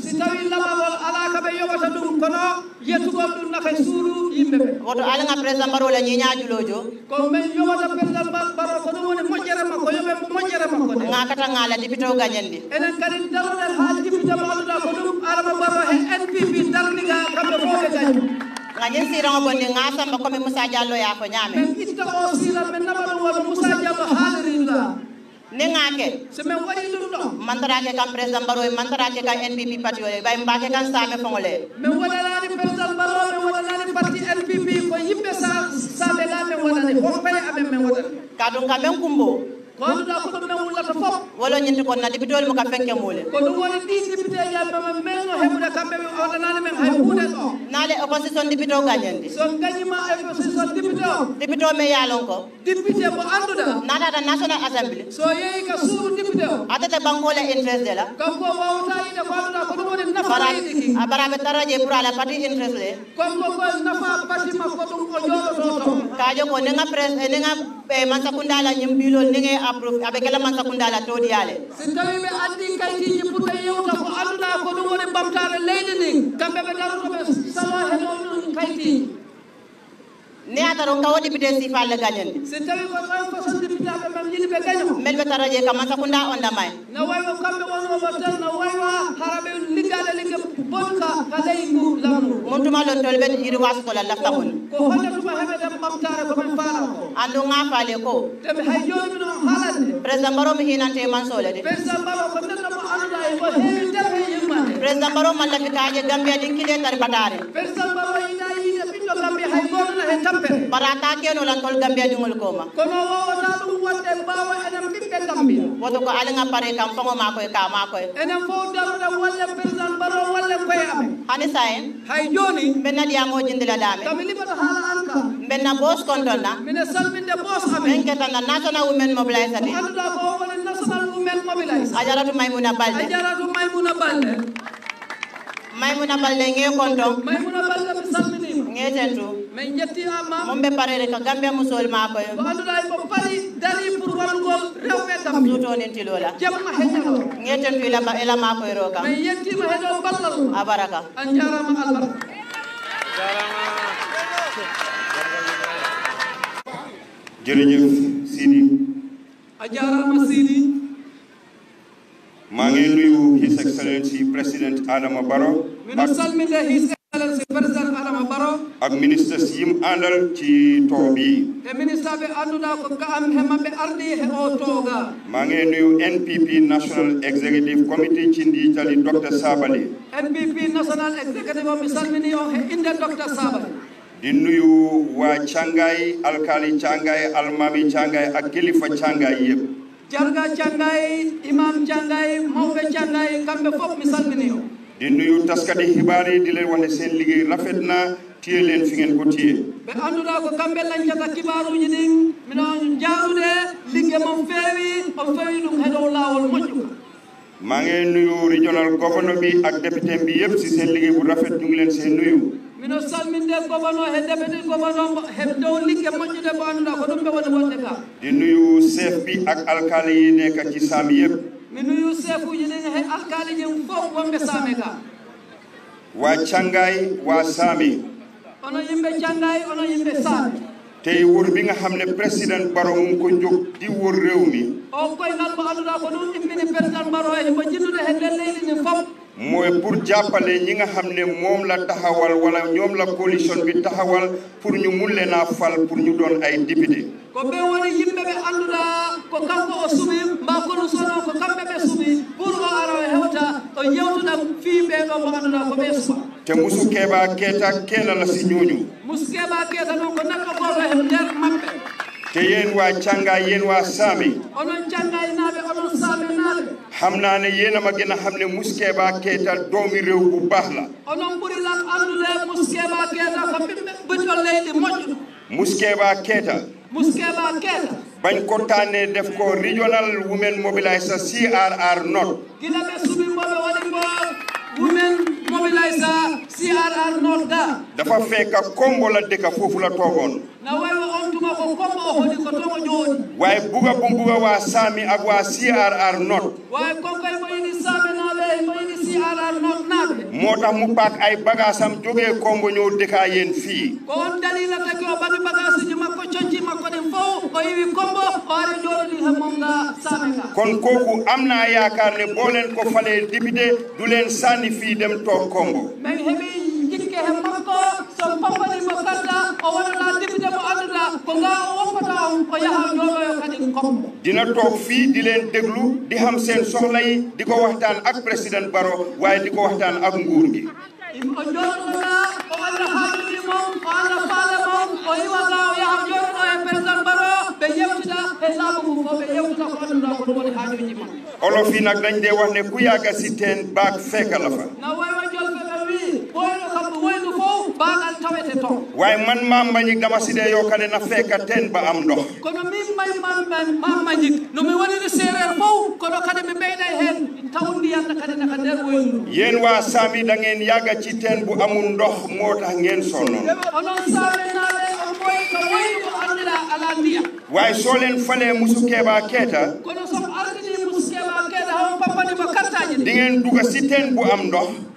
si tawi lamawol ala kaɓe yoɓata ɗum kono yettugol ɗum nakay suuru yimɓe ɓe woto alanga président mbaro la ñiña julojo ko min yoɓata président mbaro ko ɗum woni moƴƴere makko yoɓe moƴƴere makko de ga kata gala député o gañandi enen kadi daroɗen ha député mo annduɗa ko ɗum adama npp nga ñin sirango bondi nga samba comme Moussa Diallo ya fo ñame men itta o sira men na ba wala Moussa Diallo haalirilla ne nga ke se men wayi dum do mandara ke kam president baro mandara ke ka NPP parti ole bay mbake kan same fo ngole men wala la ni president baro men wala la ni parti NPP ko yimbe sa sa be la men wala ni ko pele abe men wala wolo ñinti kon na lipitol mu ka mule ko ɗum woni ɗi député yaɓe ma e so me yaalon ko député mo anduɗa national assembly so yeeyi ka suudu député o atata bankola interest de la kanko wawta yiɗe ko anduɗa ko ɗum woni nafa yiɗiki betara je pura pour ala interest le kanko ko nafa parti makko ɗum o joɗototo kajo ko pres eh, nega eh, mansakundala ñim ɓilol nege sampuru aɓe kela mansa kundala toodiyale si tawi ɓe anndi kaytiji pour ɓe yewta ko annda ko ɗum woni bamtare leydi ndin kamɓe ɓe darotoɓe sala heɗon ɗum kaytiji neataro kawadi biden sifa le gañen si tawi ko ɓay fasodiri pilaɓe gambia to gambia hay gomna e tampe barata keno lan tol gambia dingol koma kono o ta dum wadde bawa enam bibbe gambia woto ko alinga pare kam fongo mako e kama enam fo daruda wala president baro wala ko yabe hani saen hay joni benna diya mo jindila dame kamili bato hala anka benna boss kondolla mine salminde boss ame enketa na national women mobilization aduda ko wala national women mobilization ajaratu maimuna balde ajaratu maimuna balde maymuna balle nge konton maymuna balle mi salminima ngeten to min jettinama momɓe parere ko gambe musol mako yo mo anduɗa ko pari dari pour lola rewɓe ma sutonin tilola jemma heñano la ba ilama ma ko yero kam ma yettima heɗo ballal a baraka an jarama ma jarama jërëjëf sidi a ma sidi maa ngi nuyu his excellency président Adama Barrow mbiɗa salminde his excellency président Adama Barrow ak ministres yim àndal ci toob e ministre ɓe annduɗaa ko ga'am he maɓɓe ardi he o tooga maa ngi nuyu NPP national executive committee cindi jali docteur Sabali NPP national executive o mi salmini on he innde docteur Sabali di nuyu waa Cangaay alkaali Cangaay almaami Cangaay ak kilifa Cangaay yëpp jarga cangaye imam cangaye mawɓe cangaye kamɓe fof mi salmini o di nuyu taskati xibaar yi di leen wax ne seen liggéey rafet na téye leen fi ngeen ko téye ɓe annduɗa ko kamɓe lañcata kibaruji ɗin mino jaarude ligge mon feewi on feewi ɗum he dow laawol moƴƴu maa ngi nuyu régional governor bi ak député bi yëpp si seen liggéey bu rafet ñu ngi leen seen nuyu mino salminde gobono e deɓete gobono he dow ligge moƴƴude mo annduɗa ko ɗum ɓe woni wonde ga nuyu chef bi ak alkali yi nekka ci saami yeb mi nuyu chef uji ɗin he alkali jin fof wonɓe saame ga wa cangay wa saami ono yimɓe cangay ono yimɓe saami tey wor bi nga xam ne président Barrow mu ko jóg di wor réew mi o koyngal mo annduɗa ko ɗum immini président Barrow e mo jinnude he nden leydi ndi fof mooy pour jàppale ñi nga xam ne moom la taxawal wala ñoom la coalition bi taxawal pour ñu mun leen a fal pour ñu doon ay député ko ɓe woni yimɓe ɓe annduɗa ko kanko o suɓi mba kono sono ko kamɓe ɓe suɓi pour o ara o hewta o yewtuɗam fii ɓeɗo mo annduɗa ko ɓe suɓa te musu keɓa keeta keelala si ñooñu musu keɓa keeta noon ko neɗɗo goto e nder maɓɓe te yéen waa càngaay yéen waa saame onon càngaay naaɓe onon saame naaɓe xam naa ne yéen a ma gën xam ne Mouskéba Keita doomi réew bu baax la onon ɓuri lan anndude Mouskéba Keita ko ɓiɓɓe ɓiɗɗo leydi moƴƴu Mouskéba Keita Mouskéba Keita bañ ko tànnee def ko regional women mobiliser CRR North gila ɓe suɓi mboɓe waɗi ko women mobilizer CRR North da dafa fekka Kombo la dëkk foofu la toogoon na wewe ontuma ko Kombo hodi ko togo jooni waaye buga bu buga waa Sami ak waa CRR North moo tax mu paak ay bagaasam jógee Kongo ñëw dëkkaa yéen fii kon dalila taki o ɓaɗi bagasuji makko coñci makko ɗen fof o yewi Kongo o ara jooɗoɗi he monga sameka kon kooku am naa yaakaar ne boo leen ko falee député du leen sànni fii dem toog Kongo ke he makko so papanimo kalla o wonana député mo annduɗa ko nga o woppata on o yaha ñooɓoyo kadi kombo dina toog fii di leen déglu di xam seen soxla di ko waxtaan ak président Barrow waaye di ko waxtaan ak nguur gi o jooɗoɗa o anda haaludimo o anda faale mom o iwaga o yaha jooɗoɗo e président Barrow ɓe yewtida e laaɓa fo ɓe yewta ko annduɗa ko ɗum woni haajuji ma olof yi nag dañ dee wax ne ku yàgga si teen baag fekka la fa waaye man Mame Mbagnick dama si dee yokkale na fekka teen ba am ndox kono min may Mame Mbagnick no mi woniri séeréer fof kono kadi mi ɓeyda heen tawndi yalla naka nder woyru yéen waa Saami da ngeen yàgga ci teen bu amul ndox moo tax ngeen sonnoon onon saaminaaɓe omoy ko woyru anndira alaa ndiya waaye soo leen falee Musu Keba Keeta kono somo ardini Musu Keba Keeta hawo pappani mo kartaaji di ngeen duga si bu am ndox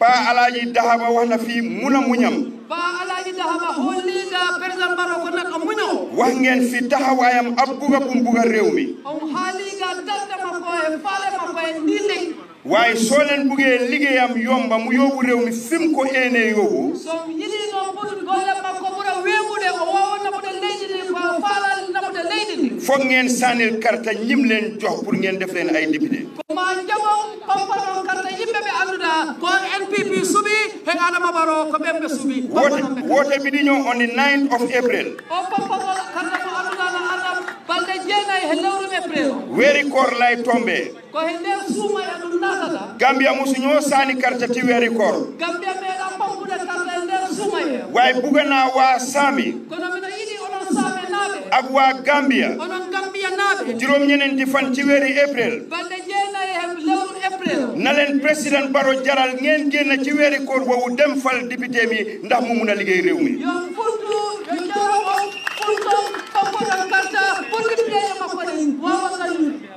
pa alaji dahaba wahna fi muna muñam pa alaji dahaba holliga président mbaro ko nak muño wangen fi tahawayam abbuga bumbuga rewmi on haaliga dalda makko e faale makko e ndinde waaye soo leen buggee liggéeyam yomba mu yóbbu réew mi fi ko eenee yóbbu. so yiɗi noon ɓuri golle makko ɓura weeɓude o wowanamude leydi ndi faalanamude leydi ndi foog ngeen sànnil karta ñim leen jox pour ngeen def leen ay député ma jaɓo pampanon karta yimɓe ɓe annduɗa ko npp suɓi he adama baro ko ɓen ɓe suɓi wote wote mbiɗi ñoo on the 9 of april o pampagol karta mo annduɗa no adam balɗe jeenayi e he lewru épril weeri koor lay tombe ko he nder suuma gambiya musuño gambiya meeɗa pampude karɗa e nder suuma he way bugana wa saami kono mino yiɗi onon saame naaɓe ak wa gambiya onon gambiya naaɓe juróom ci weeri épril balɗe président Barrow jaral ngeen génn ci weeri koor woowu dem fal député mi ndax mu mun a liggéey réew mi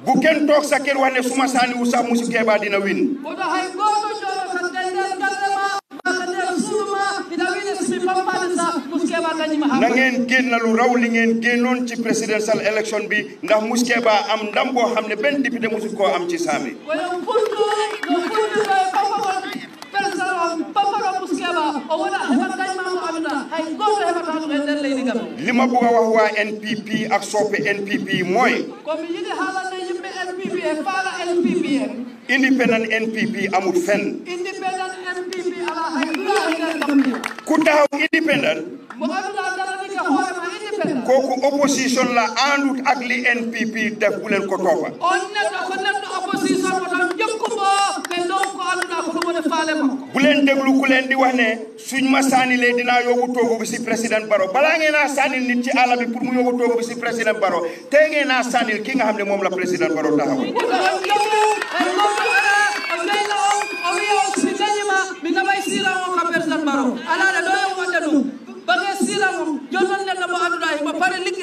bu kenn toog sa kër wane suma saani wu sax musu keeba dina win na ngeen génn lu raw li ngeen génnoon ci presidential election bi ndax musu keeba am ndam boo xam ne benn député musu koo am ci saami ma bëgg a wax waa NPP ak soppe NPP mooy komi yiɗi haalana yimɓe NPP e faala NPP en independent NPP amul fenn independent NPP ala hayɗa e nder gambia ku taxaw independent mo annda daranike hoorema independent kooku opposition la àndut ak li NPP def leen ko toppa on neɗɗo ko neɗɗo opposition mo tan jokkumo e dow ko ko ɗum woni faale makko leen déglu ku leen di wax ne suñ ma sànnilee dinaa yóbbu toogu bi si président baro balaa ngeen naa sànnil nit ci àll bi pour mu yóbbu toogu bi si président baro te ngeen naa sànnil ki nga xam ne moom la président baro taxawal. Barrow ala da do wonde ɗum bage sila pare liggi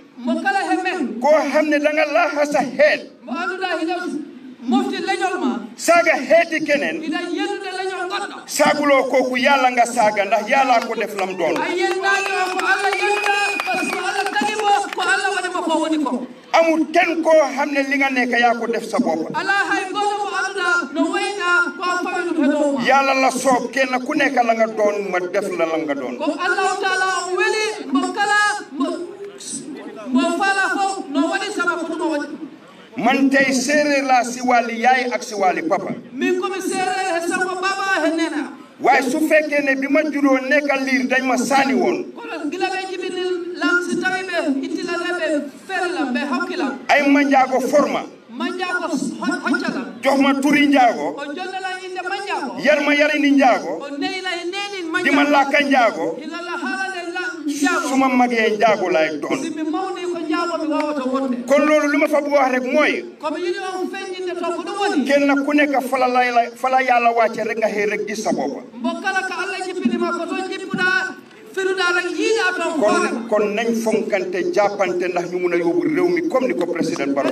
mo kala hemmen ko hamne danga laaha sa heed mo annduɗa hino mofti nga saaga ndax yaala ko deflam doon a ko allah yennuɗa li nga nekk yaa def sa ko fawilu heɗowma la soob kenn ku nekk la def la la nga mo fala fo no woni sama ko dum woni man tay sere la si wali yaay ak si wali papa min ko mi sere sama baba henena waaye su fekkee ne bi ma juróo nekka liir dañ ma saani woon ay ma njaago forma jox ma turi njaago yar ma yari ni njaago e di ma làkka njaago su ma magee njaago laay doon kon loolu lu ma fa bëgg a wax rek mooy ko kenn ku nekk fala lay la fala yàlla wàcce rek nga xëy rek gis sa bopp kon kon nañ fonkante jàppante nax ñu mun a yóbbu réew mi comme ni ko président Barrow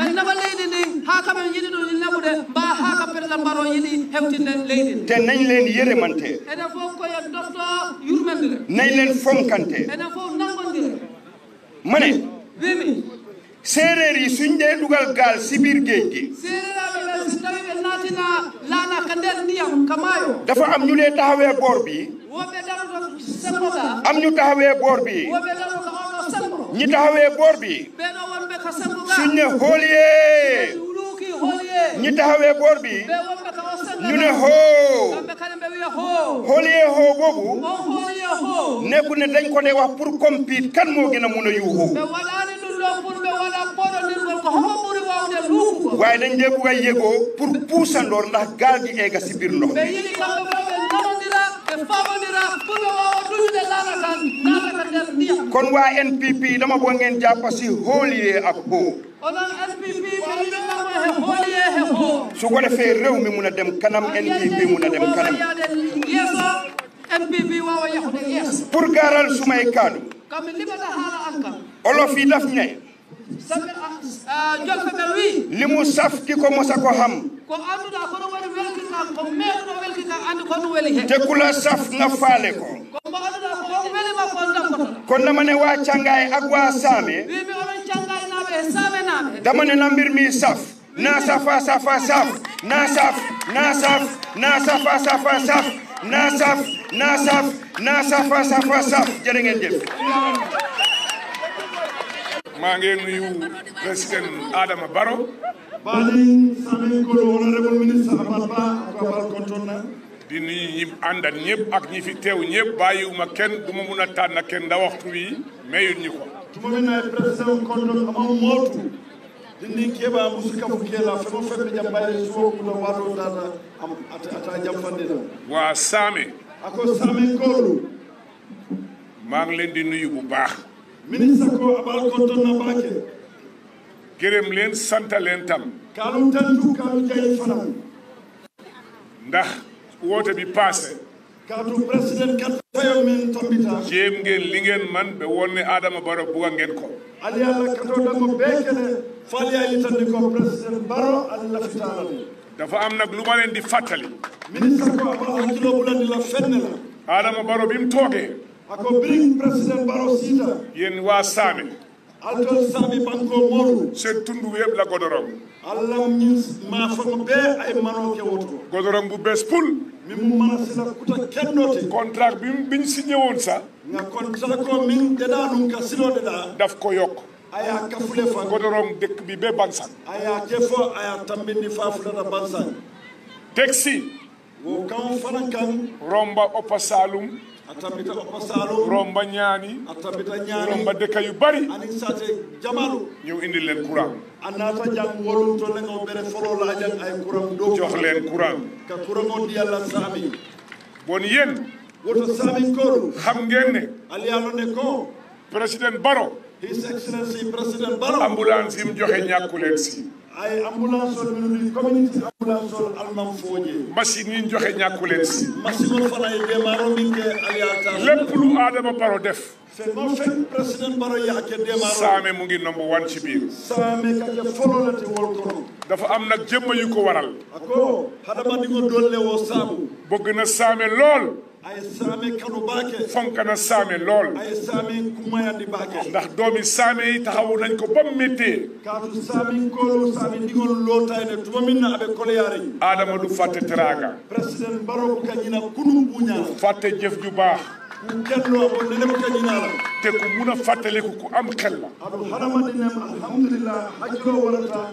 bari nama leydindi haa kamen yiɗiɗo lamude mba haa ka président mbaro yiɗi hewtinde leydindi te nañ leen yëremante enen fof koye dofto yurmendire nañ leen fonkante enen fof nangondire ma ne wimi séeréer yi suñ dee dugal gaal si biir géej gi séeréeraɓe ɓe si tawi ɓe naatina laana ka nder ndiyam ka maayo dafa am ñu lee taxawee boor bi woɓe daroto semboɗa am ñu taxawee boor bi woɓe daroto ñi taxawee boor bi suñ ne xoolyee ñi taxawee boor bi ñu ne xoo xoolyee xoo boobu nekku ne dañ ko dee wax pour compete kan moo gën a mun a yuuxu waaye dañ dee bugg a yëgoo pour puusandoor ndax gaal gi egga si biir ndox mi kon waa NPP dama bëgg ngeen jàpp si hóoliyee ak hoo su ko defee réew mi mun a dem kanam NPP mun a dem kanam pour gaaral sumay kaddu olof yi daf ne jokkata ah, euh, li mu saf ki ko mosa ko xam ko annduɗa kono saf na faale ko ko won welima ko dakkoto kono mane wa canga e agwa saame wimi onon canga saame naaɓe damane nambirmi saf na safa safa saf na saf na saf na safa safa saf na saf na saf na safa safa saf jërë ngeen jëf maa ngi nuyu président Adama Barrow baali samin ko honorable ministre Amat Bah ko bal kontonna di nuyu ñi àndal ñëpp ak ñi fi teew ñëpp bàyyiwuma kenn du ma mun a tànn kenn da waxtu wi mayut ñi ko tumamin nayi président konton amam mootu dindi keɓa musuka fo keela femo fefde jam mbayde suwo kuno wato data am ata jam fande ɗo waa saame ako samin koolu maa ngi leen di nuyu bu baax minista ko abal kontonna baake gërëm leen santa leen tam kaalu tantu kaalu jaye fanan ndax woote bi passé kaatu président kat tayo min tombita jéem ngeen li ngeen man ɓe wonne adama baro buga ngeen ko ali allah katoɗanmo beekene falyayitande ko président baro ala lafitaalale dafa am nag lu di fàttali ministre ko abal hakkilo adama baro bim toogee ako bring président Barrow siita yéen waa Saame altol saami banko moru sen tundu yeb la godorom allah min ma fono be ay manoke woto godorom bu bes pul min mu mana sila kuta kennote contrat bi biñ signé woon sa nga contrat ko min deɗa ɗum ka silode ɗa daf ko yokk aya kafule fa godorom dëkk bi a bansan aya ke fo aya tambindi fafulata bansan taxi wo kan fana kan romba oppa salum a tabbita o saalu romba ñaani a tabbita ñaani romba dëkka yu bari anin sate jamalu ñëw indi leen a naata jang wolum to le ngaw bere ay courant do jox leen courant ka courant o di yàlla saami bon yéen woto saami koolu xam ngeen aliyaalo ne ko président Barrow His Excellency président Barrow ambulance yi mu joxe ñàkku leen si ay ambulance o minudi community ambulance o alman fooje machine yi joxe ñàkku e lépp lu Adama Barrow def saame mu ngi nomb wan ci biir saame kake fololati wol kono dafa am nag jëmma yu ko waral ako hadama na saame lool fonk na saame lool ndax doomi saame yi taxawu nañ ko ba mu méttee aadama du fàtte teraanga du fàtte jëf ju baax te ku mun a fàttaliku ku am xel la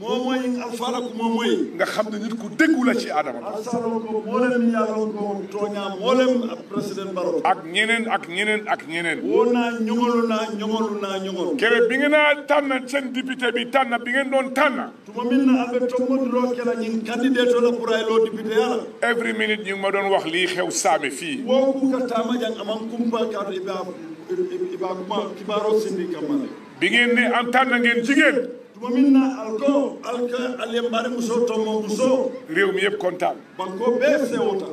mooy alfaalaku moom mooy nga xam ne nit ku déggu la ci Adama la alfaalaku moo leen yàlla woon tooñaa moo leen président Barrow ak ñeneen ak ñeneen ak ñeneen woo naa ñoŋolu naa ñoŋolu naa ñoŋolu kere bi ngeen naa tànn seen bi tànn bi ngeen doon tànn tuma min na abe tomboduloo kela ñin candidate la pour ay loo député every minute ñu ma doon wax lii xew saame fii woo ku ka taama jang aman kumba kaatu i ibaa a kibaaroo sindi kamale bi ngeen ne am tànn ngeen jigéen ko minna alko alka alembare muso tommo muso réew mi yëpp kontaan banko be sewota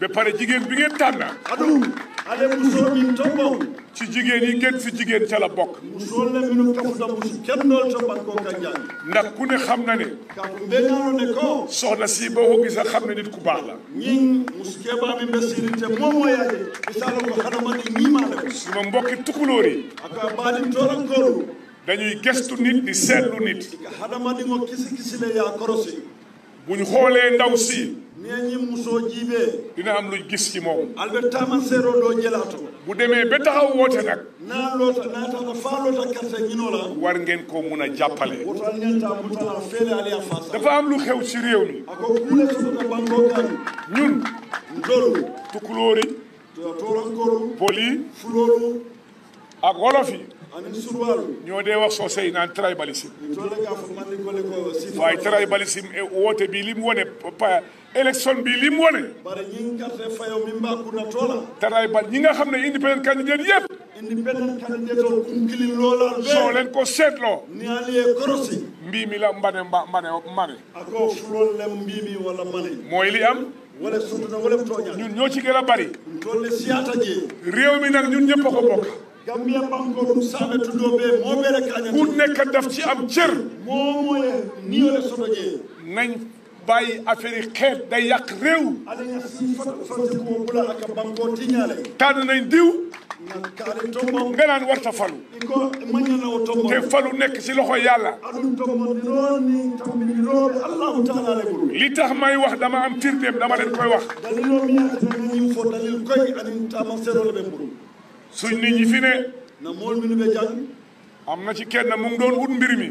ba pare jigéen bi ngeen tànn aɗum ale muso min tommo ci jigéen yi ngeen fi jigéen ca la bokk musol le minu kafuda musu kennol to banko kanjaani ndax ku ne xam na ne kafu mbeñaano ne ko soxna si ba ko gisa xam ne nit ku baax la ñing musu keebaami mbe sirinte momoyaade misalo ko hadamadi ñiimaale ko suma mbokki tukulóor yi aka baadim toorankoolu dañuy gëstu nit di seetlu nit bu ñu xoolee ndaw si dina am luñ gis ci moom bu demee ba taxaw woote nag war ngeen ko mun a jàppale dafa am lu xew ci réew mi ñun tukulóori poli ak wolof yi ñoo dee wax soosey naan tribalism waaye tribalism e woote bi li mu wone pa élection bi li mu wone tribal ñi nga xam ne independent candidate yëpp soo leen ko seetloo e mbii mi la mbane mbane mbane mooy li am wala sunduna wala tooña ñun ñoo ci gën a bari tolle réew mi nag ñun ñëpp a ko bokk gambia banko ɗum saaɓe tudoɓe moɓere kaña ku nekk daf ci am cër momoye niyole soto je nañ bàyyi affaire day yàq réew alaa si fat fatte ko bula aka banko tiñaale tànn nañ diw nga naan warta falu te falu nekk si loxo yàlla li tax may wax dama am firndeem dama leen koy wax suñ nit ñi fi ne am na ci kenn mu ngi doon wut mbir mi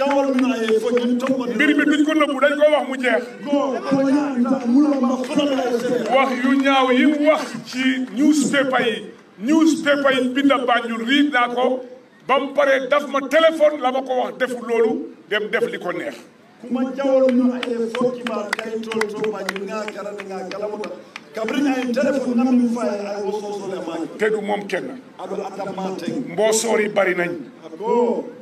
mbir mi duñ ko nëbbu dañ ko wax mu jeex. wax yu ñaaw yi mu wax ci newspaper yi newspaper yi a Banjul riid naa ko ba mu paree daf ma téléphone la ma ko wax defu loolu dem def li ko neex. kuma jawol no aye fokkima kay tol to bañi nga karane nga kalamuta kabrin aye téléphone nammi faye ay wo sosole mañi te du moom kenn aɗo addamma teng mbosori bari nañ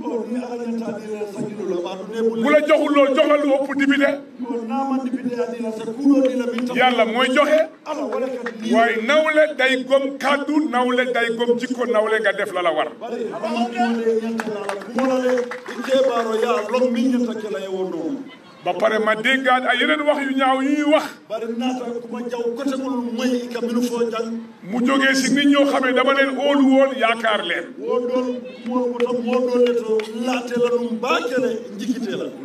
bu la joxul loolu jox la lu ëpp député yàlla mooy joxe waaye nawle day gom nawle day jikko nawle nga def la la war ba pare ma déggaat ay yeneen wax yu ñaaw yuy wax mu jógee si nit ñoo xamee dama leen óolu woon yaakaar leen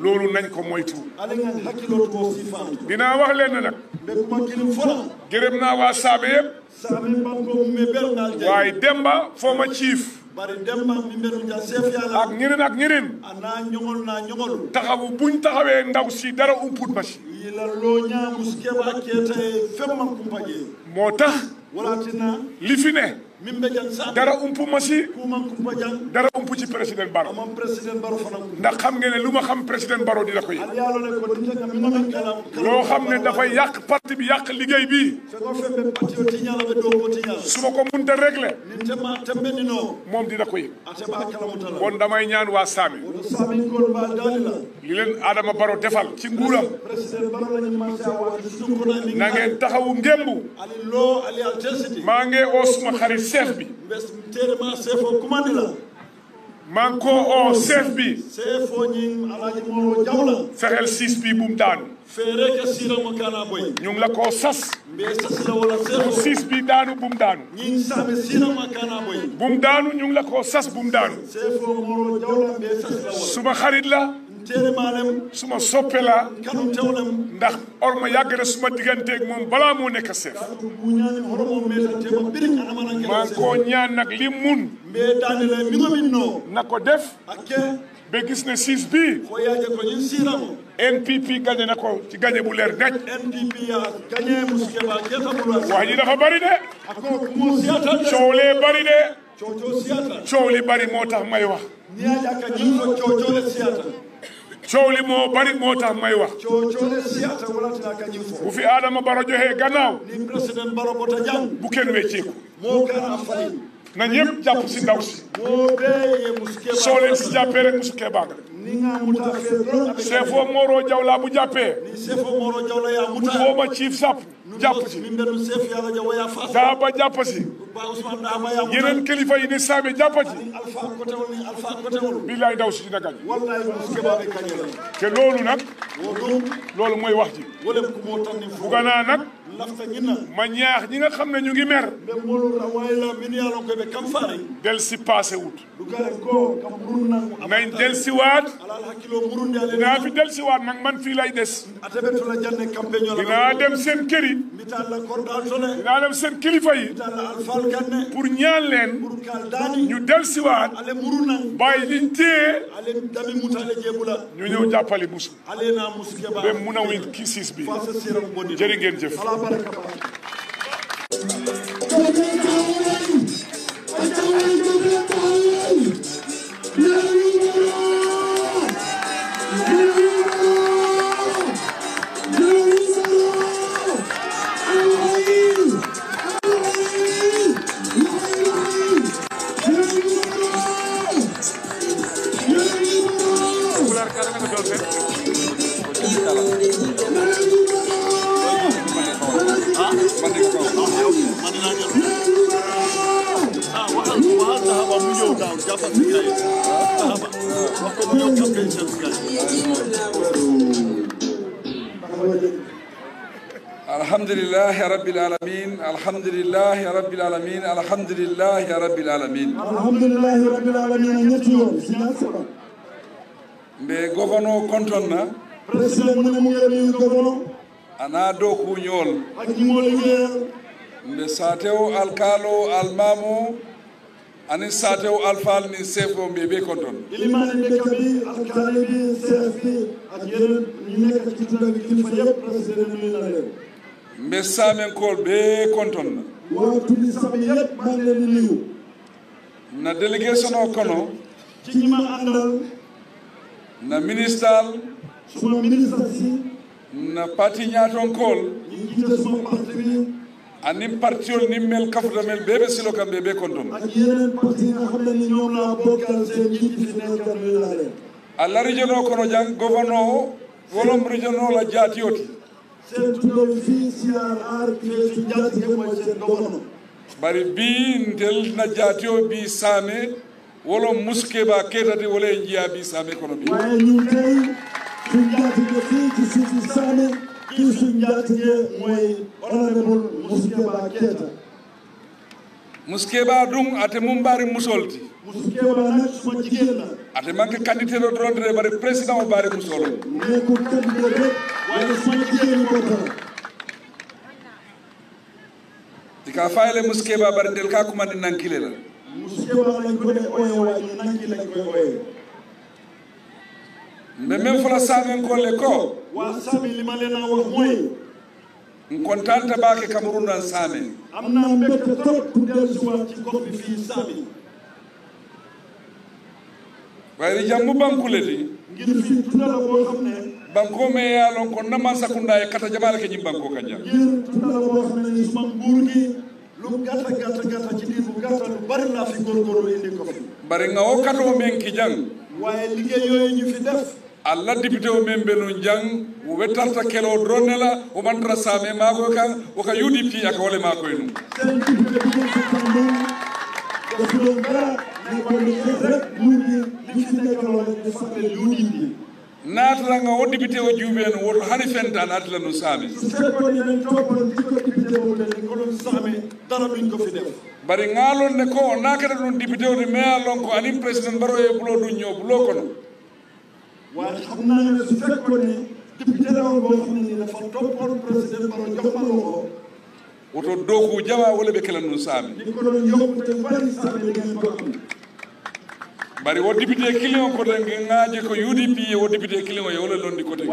loolu nañ ko moytu dinaa wax leen na nag gërëm naa waa saabe yëpp waaye demba fooma ciif bari demba mi mberu ja chef yàlla ak ñeneen ak naa ana ñongol na ñongol taxawu buñ taxawee ndaw si dara umput ma si yila loo ñaamus keba keeta femma kumpaje moo tax walaatina li fi ne. dara umpu ma si dara umpu ci président Baro ndax xam ngeen lu ma xam président Baro di koy loo xam ne dafay yàq parti bi yàq liggéey bi su ma ko mënut a régler moom dina ko yëg damay ñaan waa Saami li Adama Baro defal ci nguuram na taxawu ngémbu maa ngi oo suma xarit chef bi. mbes sefo kumandi la. maa bi. sefo ñi Alaaji Moro Jaw la. siis bi bu mu daanu. feere ka siira mu kana boy. ñu ngi la koo sas. mbes bi daanu bu mu daanu. ñi la koo sas bu xarit la. téere maanam suma soppe la kanum tewnam ndax orma yàgg na suma digganteeg moom balaa moo nekk seef maa koo ñaan nag li mun na ko def ba gis ne siis bii NPP gañe na ko ci gañe bu leer nekk wax ji dafa bari de coow lee bari de coow li bari moo tax may wax coow li moo bari moo tax may wax bu fi Adama Barrow joxee gannaaw bu kenn wecceeku na ñëpp jàpp si ndaw si soo leen si jàppee rek Musu Keba nga Sefo Moro Jaw laa bu jàppee Mutuoma Chief Sap jàpp si daa ba jàpp si yeneen kilifa yi ne Same jàpp ci billaay ndaw si dina gañ te loolu nag loolu mooy wax ji buga naa nag lafta ñinna ma ñaax ñi nga xam ne ñu ngi mer ɓe molora wayla min yalon koye del si passé wut dugale ko kam ɓurnan nañ del si waat alal hakkilo ɓurunde ale dinaa fi del si waat nag man fii lay des ataɓe tola jande kampe ñola dinaa dem seen këri mitalla korɗal tone dinaa dem seen kilifa yi mitalla alfal kanne pour ñaan leen pour kal daani ñu del si waat ale ɓurnan bàyyi liñ téye ale ñu ñëw jàppale musu ale mu musu keɓa ɓe まれるかもし الحمد لله رب العالمين الحمد لله رب العالمين الحمد لله رب العالمين الحمد لله رب العالمين نتيو سيناسبا مبي غوغونو كونتوننا بريسيدنت موني ريو غوغونو انا دوكو نيول اك ساتيو الكالو المامو anin satew alfaal ni chef o mbiye ɓe kon toon ilimane ɓekkaɓe alkali ɓe chef ɓe ak yenen ñu nekk ci tudaɓe kilifa yëpp président nulina len mbe samenkol ɓe kon toon na wono tuli saɓe yëpp manleni niyu na délégation kono ciñima andal na ministal suma ministre si na parti ñatonkol ñi jiite suma anin partiol nin mel kafuta mel bebe silo kam bebe kontum ak yeneen parti nga xam ne ni ñoom laa bokkal seen njiit fi nekkal ñu laa leen alla regiono kono jang gouverneur o wolom regiono la jaati oti seen tuddal fii CRR kilesu jaati ke mooy seen gouverneur bari bii ntel na jaati o bii saame wolo muske ba ketati wala e jiya bii saame kono bii waaye ñun tey suñ jaati ko fii ci suufi saame kii suñu njaatige mooy honorable Muskeba Keita Muskeba ɗum ate mum mbaari musolti Muskeba nak suma jigéen la ate manque candidate o torondire bare président o mbaari musolo mais ko candidate rek wala suma jigéen ko tara dika fayele Muskeba bare ndel ka kumandi nankile la Muskeba lañ ko de oye waañi nankile lañ koy meme fola samen kolle ko wa sami na wax moy nkontante baake cameroun dan samen amna mbekk top ku del ci wax ci gox bi fi sami bayri jambu bankule di ngir fi tunala bo xamne banko me yalon ko nama sakunda e kata jamala ke nyimbanko kanja ngir tunala bo xamne ni suma nguur gi lu gata gata gata ci dir bu gata lu bari la fi gorgoro indi ko fi bari nga o kato men ki jang waye liggey yoyu ñu fi def Allah député o men ɓeno jang o wettanta kelo dronne la o mandata saame maako kan oka UDP aka hoole ma koye num naatalanga o député o juuɓeno woto hani fenta naatila no saame bari ngaalon ne ko o naakata ɗum député o ne maya lon ko anin président mbaroye bulo ɗum ño bulo kono waaye xam naa ne su fekkoon ni député la woon boo xam ne dafa député président Barrow jox ma loxo woto doku jawa wala ɓe kala nun saami bari wo député clion kote ŋaaji ko udp wo député clion e wole londi kote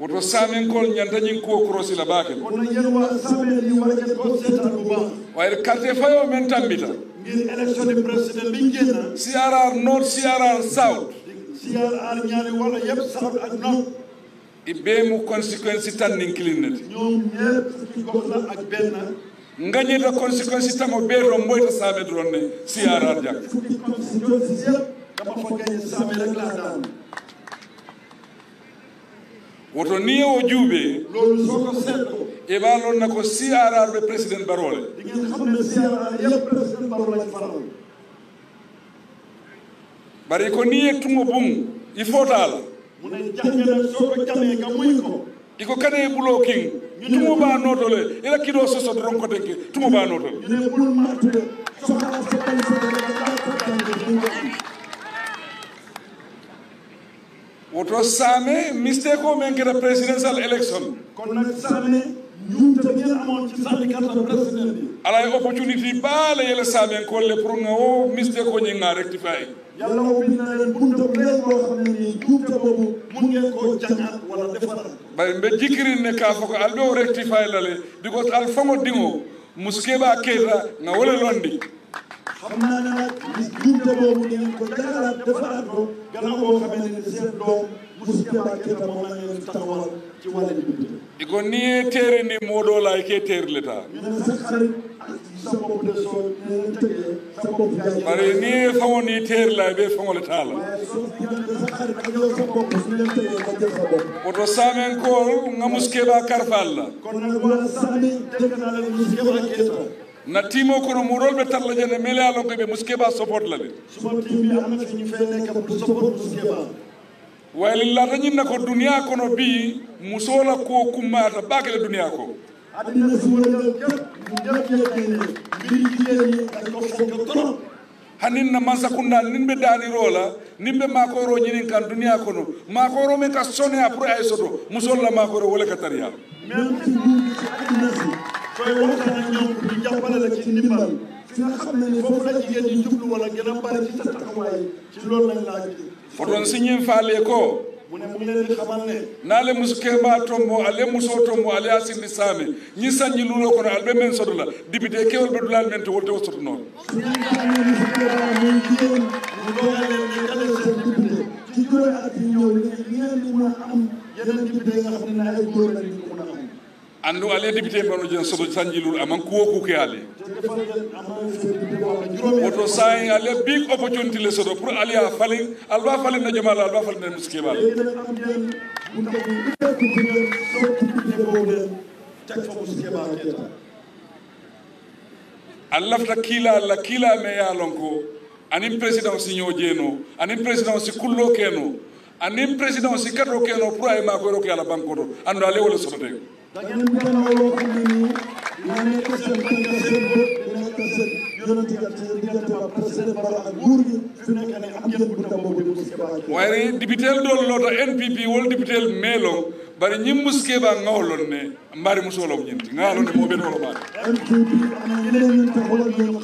woto saaminkol ñantañin kuwo krosi la baake wayde carte fayo men tambita ngir élection yi président bi ñu génn. CRR North CRR South. CRR ñaari wala yëpp South ak North. ibeemu constituency tannin kilinnati ñoom ñepp ci goxla ak benn bee ɗo mboyta saabe doron ne siyarar woto ni o wo loolu soko seetto e waalon na ko siaraɓe président barole ɗigen xamne siara yep président barole faral bari ko ni e tungo bum il faut taala mune jangana soko jame ka muy ko iko kade e ɓulo king tumo ba notole ila kiɗo soso ronkotenke tumo ba woto saame mistake o men keta presidential election kono nag saame ñumte a amoon ci sali karta président bi alay opportunité baale yele saamen kolle pour nga o mistake o ñi nga rectifier yàlla ko bind na leen bunta leen loo xam ne nii juumte boobu mun ngeen koo jàngat wala defaral bay mbe jikkirin ne kaa fo ko alɓe o rectifier lale because xam naa ne nag gis jiite boobu dinañ ko jagalaat defaraat ko gannaaw boo xamee ne seen doom Moussa Keba Keita moom la ñu leen taxawal ci wàllu député. iko ni ye teere ni moodoo laa kee teere le taa. ñu ne sa xarit sa bopp de soo ñu leen tëggee sa bopp jaay. bari ni ye faŋo ni teere la i bee faŋo le taa la. waaye soo diggante sa xarit ak yow sa bopp su leen tëggee nga jël sa bopp. oto saamen kool nga Moussa Keba karfaal la. kon nag waa Sami dégg naa leen Moussa Keba Keita. na timo kono mu rol ɓe talla jene mele a lon koye ɓe muskeba support la len sumo tiimi ana fi ñu fay nekk pour support muskeba waye lilla tañin na ko duniya kono bi musola ko kummata baakele duniya ko adina suwonel kep ndefjeene mbiri jeeni ko fonko kono hanin na mansa kundal nin be dali rola nin be makoro nyinin kan duniya kono makoro men ka sone pour ay soto musol la makoro wala ka tariya même si nous koy waxtaan ak ñoom ñu jàppale la ci ndimbal fi nga xam ne ni foofu la jigéen ñi jublu a ko mu ne mu ngi leen di xamal ne naale musu keeɓa tombo a sirli saame ñi sanñi luuloo kono alɓe men sodu la dibite kewol ɓe dulal men to wolte wo sodu noon ci juróomi at yi ñëw ngeen di a am yeneen dibite yi andu ale député mbano jon soto sanjilul aman kuwo kuke ale woto sayin ale big opportunité le soto pour ali a falin alba falin na jomal alba falin na muskebal allafta kila allah kiilame yaalon ko anin président si ñoo jeeno anin président si kullo keeno anin président si kato keno pour ay ma ro ke ala bankoto anndu ale wala soto da ngeen di gën a loo xam ne nii dina nekk seen tànk seen ba npp wol députéel meelo bari ñim muske ba ngawlon ne mbaari ne moo ɓen wolo maade npp ana ñene ñin te holon ñin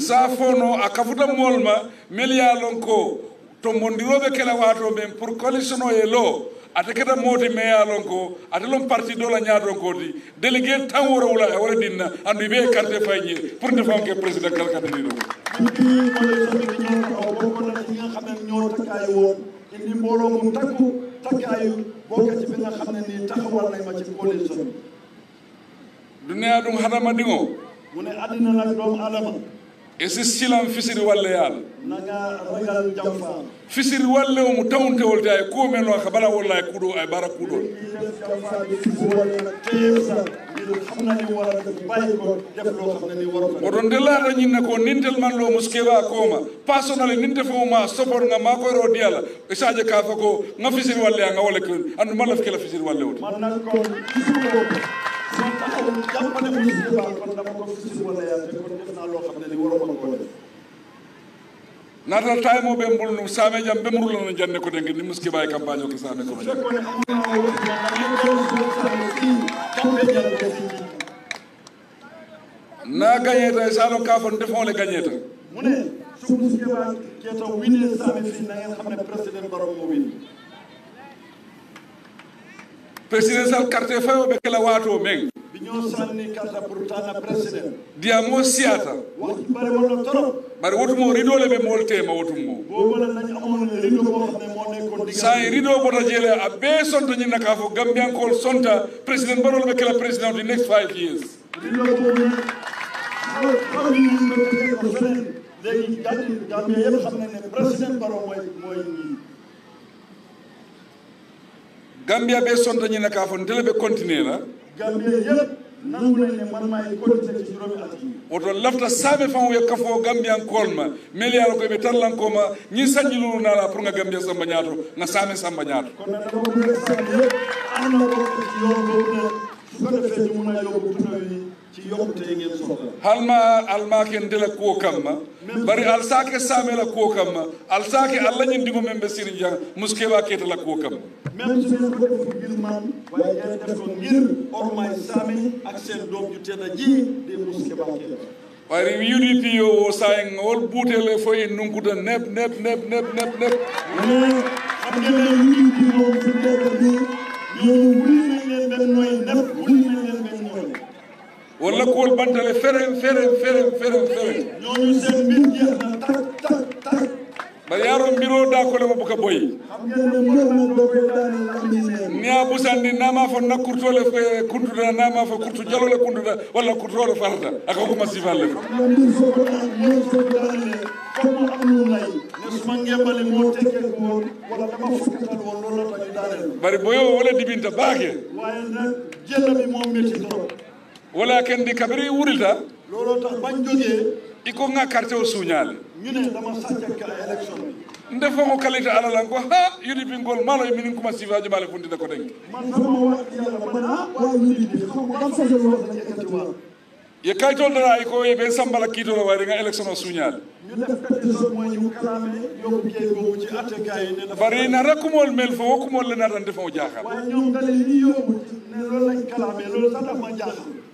xawma a kafuta mool ma mel yaa lon ko to mondiroɓe kela wato men pour coalition o e lo ate keta mooti lon ko ata lon parti dola ñaaton kodi délégué tan wora wula e wora dinna andu ɓe carte fayñe pour défendre ke président kala kadani ɗo indi mbolo mum takku takki ay bokati ɓe nga xam ne ni taxawalnayma ci coalition duniya dum hadama dingo mu ne adina nag doom adama esi silan fisiri walle yaala fisiri walle o mo tawnte wolde ay kuo men o ka bala wolla ay kuuɗo ay bara kuuɗol oɗon ndelaɗo ñinne ko nintel man lo muskeba kooma pasonale ninte fo ma sopor nga makoyro o diyala e sadio ka fo ko nga fisiri walle a nga walla andu mallaf kela fisiri walle oto su taxaw jàpp ne ko si waaw man dama ko si wala yaa te kon def naa loo xam ne ni waroo def naata taymo ɓe mbolno saame jam ɓe murlano jande ko ɗen ni muski mbawi campagne o ko saame ko na gagné ta ka fon defon le gagné ta mune presidential carte fayo be kala wato men biño sanni carte pour tana president dia mo siata wax bare mo no torop bare wotumo rido le be molte ma wotumo bo wala nañ amon rido bo xamne mo nekkon diga say rido bo dajele a be sonto ñi naka fo gambian kol sonta president barol be kala president the next 5 years rido bo ni president barol moy moy Gambia be sonta ñi naka fon tele be continuer na Gambia yeb nangul ne man may continuer ci juroomi at yi woto lafta sabe fan wo kafo Gambia kool ma mel yaa koy be tarlankoo ma ñi sañi lu na la pour nga Gambia samba ñaato na saame samba ñaato kon nag dama bëgg sant yépp am na ko ci yoon boobu ko defee ñu mën a yóbbu tunawi halma almaken ndela kuwo kamma bari alsake samela kuwo kamma alsake allah ñindigo men ɓe siri jang muskeɓa ketala kuwo kamma même sene goɗɗo ko gilman way ƴen def ko guir ormay sameni ak sen domju tena jii ɗe muskeɓa keta wari udp yo wo sayen wol buutele fo en nunkuda neb neb neb neb neb neb xam ngene udp moom fi ndeka ni yo wulimen ɓen noye neb wulimen walla kuwol bantale ferem ferem ferem ferem ferem ñooñu seen mbir jeex tak tak tak ba yaaro mbiro da ko le boka boy ni a busandi nama fo nakkurtole kuntuda nama fo kurtu jalole kuntuda walla kurtole farata aka hokuma sifalle bari boyo wala dibinta baake waye na jella mi mo metti trop walakin di a wurilta looloo tax bañ jógee i ko nga carte o suuñaale ñu ne dama sàccaka élection ah, bi ndefongo kalite ala lan ko ha yudi bingol maalo e kuma sifajo maale fundina ko denki man sama wax yalla man ha wa yudi de ko gam sa jelo wax nañu ekati wa ye i ko yeɓe sambala kiitolo wayre nga le natan ndefon o jaakal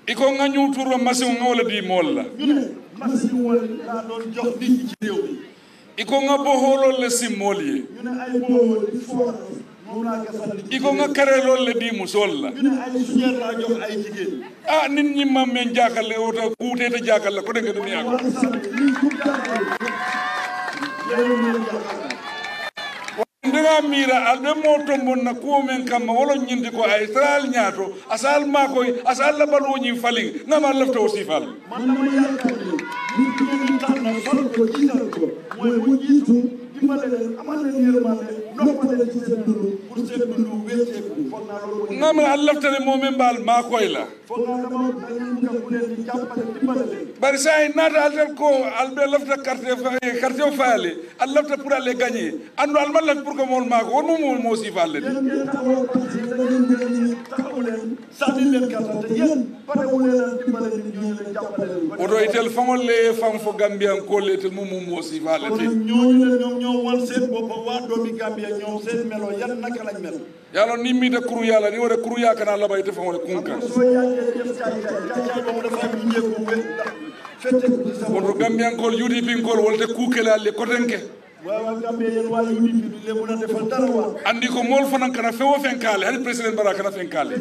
iko ŋañu tour machine ŋa wala di mool la machine wala laa doon jox nit ñi ci réew mi iko le si mool ye ñu ne ay bohool le di musol la ñu ne ay suñer laa jox ay jigéen ah nit ñi mam men jaakal le wota kuuteete jaakal la ko de nga ndega mira alɓe moton bonna kuwo men kamma wolon ñinde ko ay e saral ñaato asal makoy asal labaluwoñin falin ngam a lefta o sifal mannamo yalkade min keni tanna falo ko jinal ko moye mo jiitu dimbalelen amallen yermande namin allaftere mumin mbal makoyla bari sa hen naata aldat ko alɓe lafta quartie eh, quartie o faale allafta pour alle gagné andu almallat pour que mon maako won mum mo siifa alle de oto itel fangol le fam fo gambiyankolle tel mum mum mo siifa alle teñoñoñoñowon sen bopa waɗomi gambiya leen ñoom seen melo yan naka lañ mel yalo ni miita kuru yala ni wara kuru yakana laba ite faŋole kunkan woto gambiyankol udp nkol wolte kuukele alle kotenke andi ko mool fana kana fewo fen kaale hani a bara kana fen kaale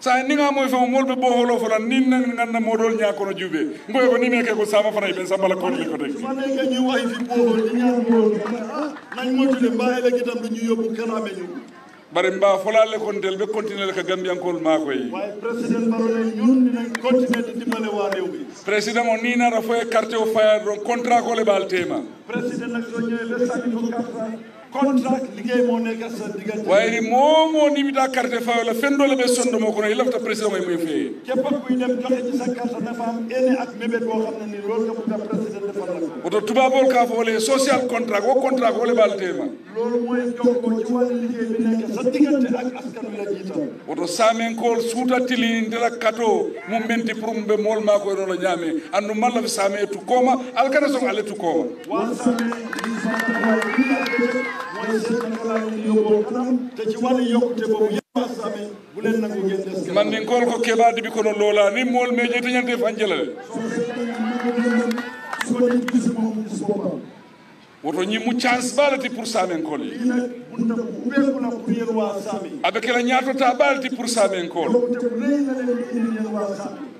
sa ni nga moy famo mool be boholo a ni nang nganda modol nya kono jube ngoy ko ni me ke ko sama fana ben ko le ko tek fana ke ñu way fi bohol ñaar mool ah, nañ mo tudde mbaay la kitam du ñu bare mba folale kon le ko gambiyankol maako yi président barone ñun dinañ continuer di dimbale waa o ninara fo e quartier o faya ɗon contrat ko le ɓaal tema président contract liggéey moo nekk sa ni mi moo carte wita carte fawla fendole ɓe sondomo kono i lafta président moye moye feye képp sa carte dafa am ene loolu nga bëgg a président defal la ko oto tubaabol kaa fo wala social contract wo contract wole baalteema loolu mooy jokk ko ci ak askan wi la oto saamenkool suuta tili ndela kato mu menti pour mu ɓe mool maa koye noon la ñaame andu malla fi saame tukkooma alkana song ale tukkooma waa mooy Sénégal yi yóbboo kanam man nin kool ko keɓaade bi kono loolaani mool meje dañante fanjalale so seeɗen woto ñimmu chance baalati pour saamen kool yi bunta ko uɓeekuna ko yen kela ñaatota baalati pour saamen kool yowte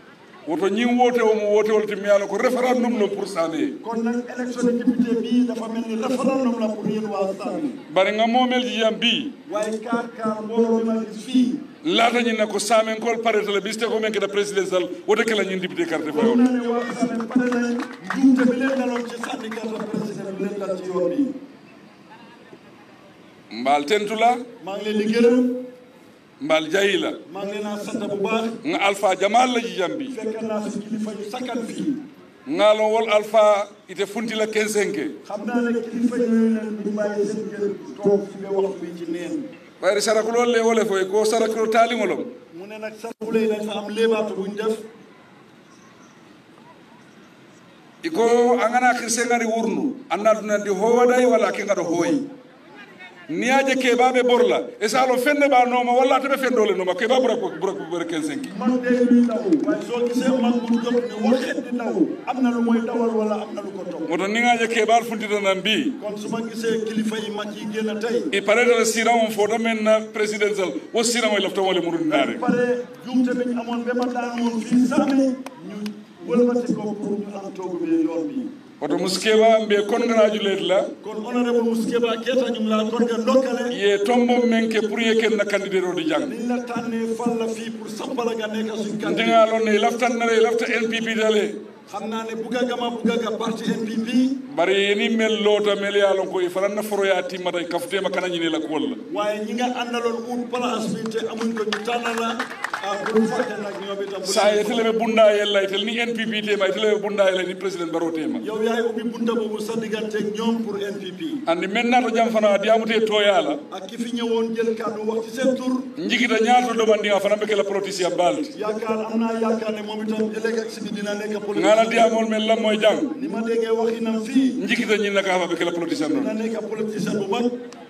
woto ñin woote omo wootewol timmi ala ko référendum no pour sané kono nan élection e député la pour yen wawa sané bari nga momelji jiyam mbi way kar kar mbolomimandi fii laatañin na ko saamen kol parete la biste ko men keda présidentiel wote kala ñin député carte fayol jumte bilen dalon ci sanni carte présidentiel mbaal jayi la maa ngi leen sant bu baax nga la kensenke xam naa ne kilifa yooyu du bàyyi seen ngeen toog fi be ko sarakulo taalimolom mu ne nag sarakuley dafa am léebaatu buñ def iko angana kirsengari wurnu hooyi niyaje keɓaɓe borla a salo fende ɓa nooma walla i fendole a keɓa ɓurako ɓurako ɓura quinze cinq man ɗeni ɗi taw way so gise man ɓur jomni won heddi taw amna lu moy tawal walla amna lu ko tow woto nigaje keɓal funtitanan mbi kono soma gise kilifa yi makki gena tawi e paretata siran on fota men wo siran o e loftan wole muɗum naare pare jumte min amon ɓeɓaɗɗano on fi oto muskeba mbiye congratulate la kono honorable muskeba ketañum la gonga dokkale ye tombon men ke pour ye kenna candidate odi jang minna tanne falla fi pour sappala ganne ka sun kan ndiga lon e laftan nare lafta npp dale xamnane bugagama bugaga parti npp bari ni mel loota mel ya lon ko e faranna foroya timmata kaftema a la kuwol la waye ñinga andalon ut place fi te amuñ ko sa ye tele be bunda yella tel ni npp tema tele be bunda yella ni president baro tema yow yaay ubi bunda bobu sa digante ñom pour npp andi menna to jam fana di amute toyala yala ak ki ñewon jël kaddu wax ci sen tour njigita ñaato do mandi fana be kala politicien balti yaakaar amna yaakaar ne mom itam eleg ak sidi dina nek politicien ngala di amol mel la moy jang ni ma dege waxinam fi njigita ñi naka fa be kala politicien non dina nek politicien bu mag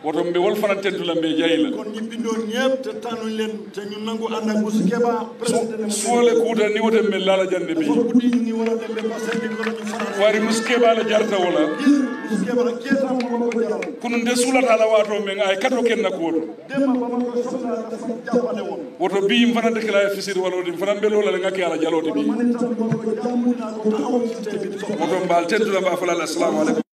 woto mbe wol fana tentu lambe jayila kon ñi bindo ñepp te tanu len te ñu nangu soole kuuta ni woten men laala jande ɓe wari muskeɓala jarata wola kono nde suulatala wato men ay kato kenna koto woto biyim fana dekela e fisir walodin fana mbelolale ŋakke ala jalode ɓi woto mbal tentula mba falal assalamu aleykum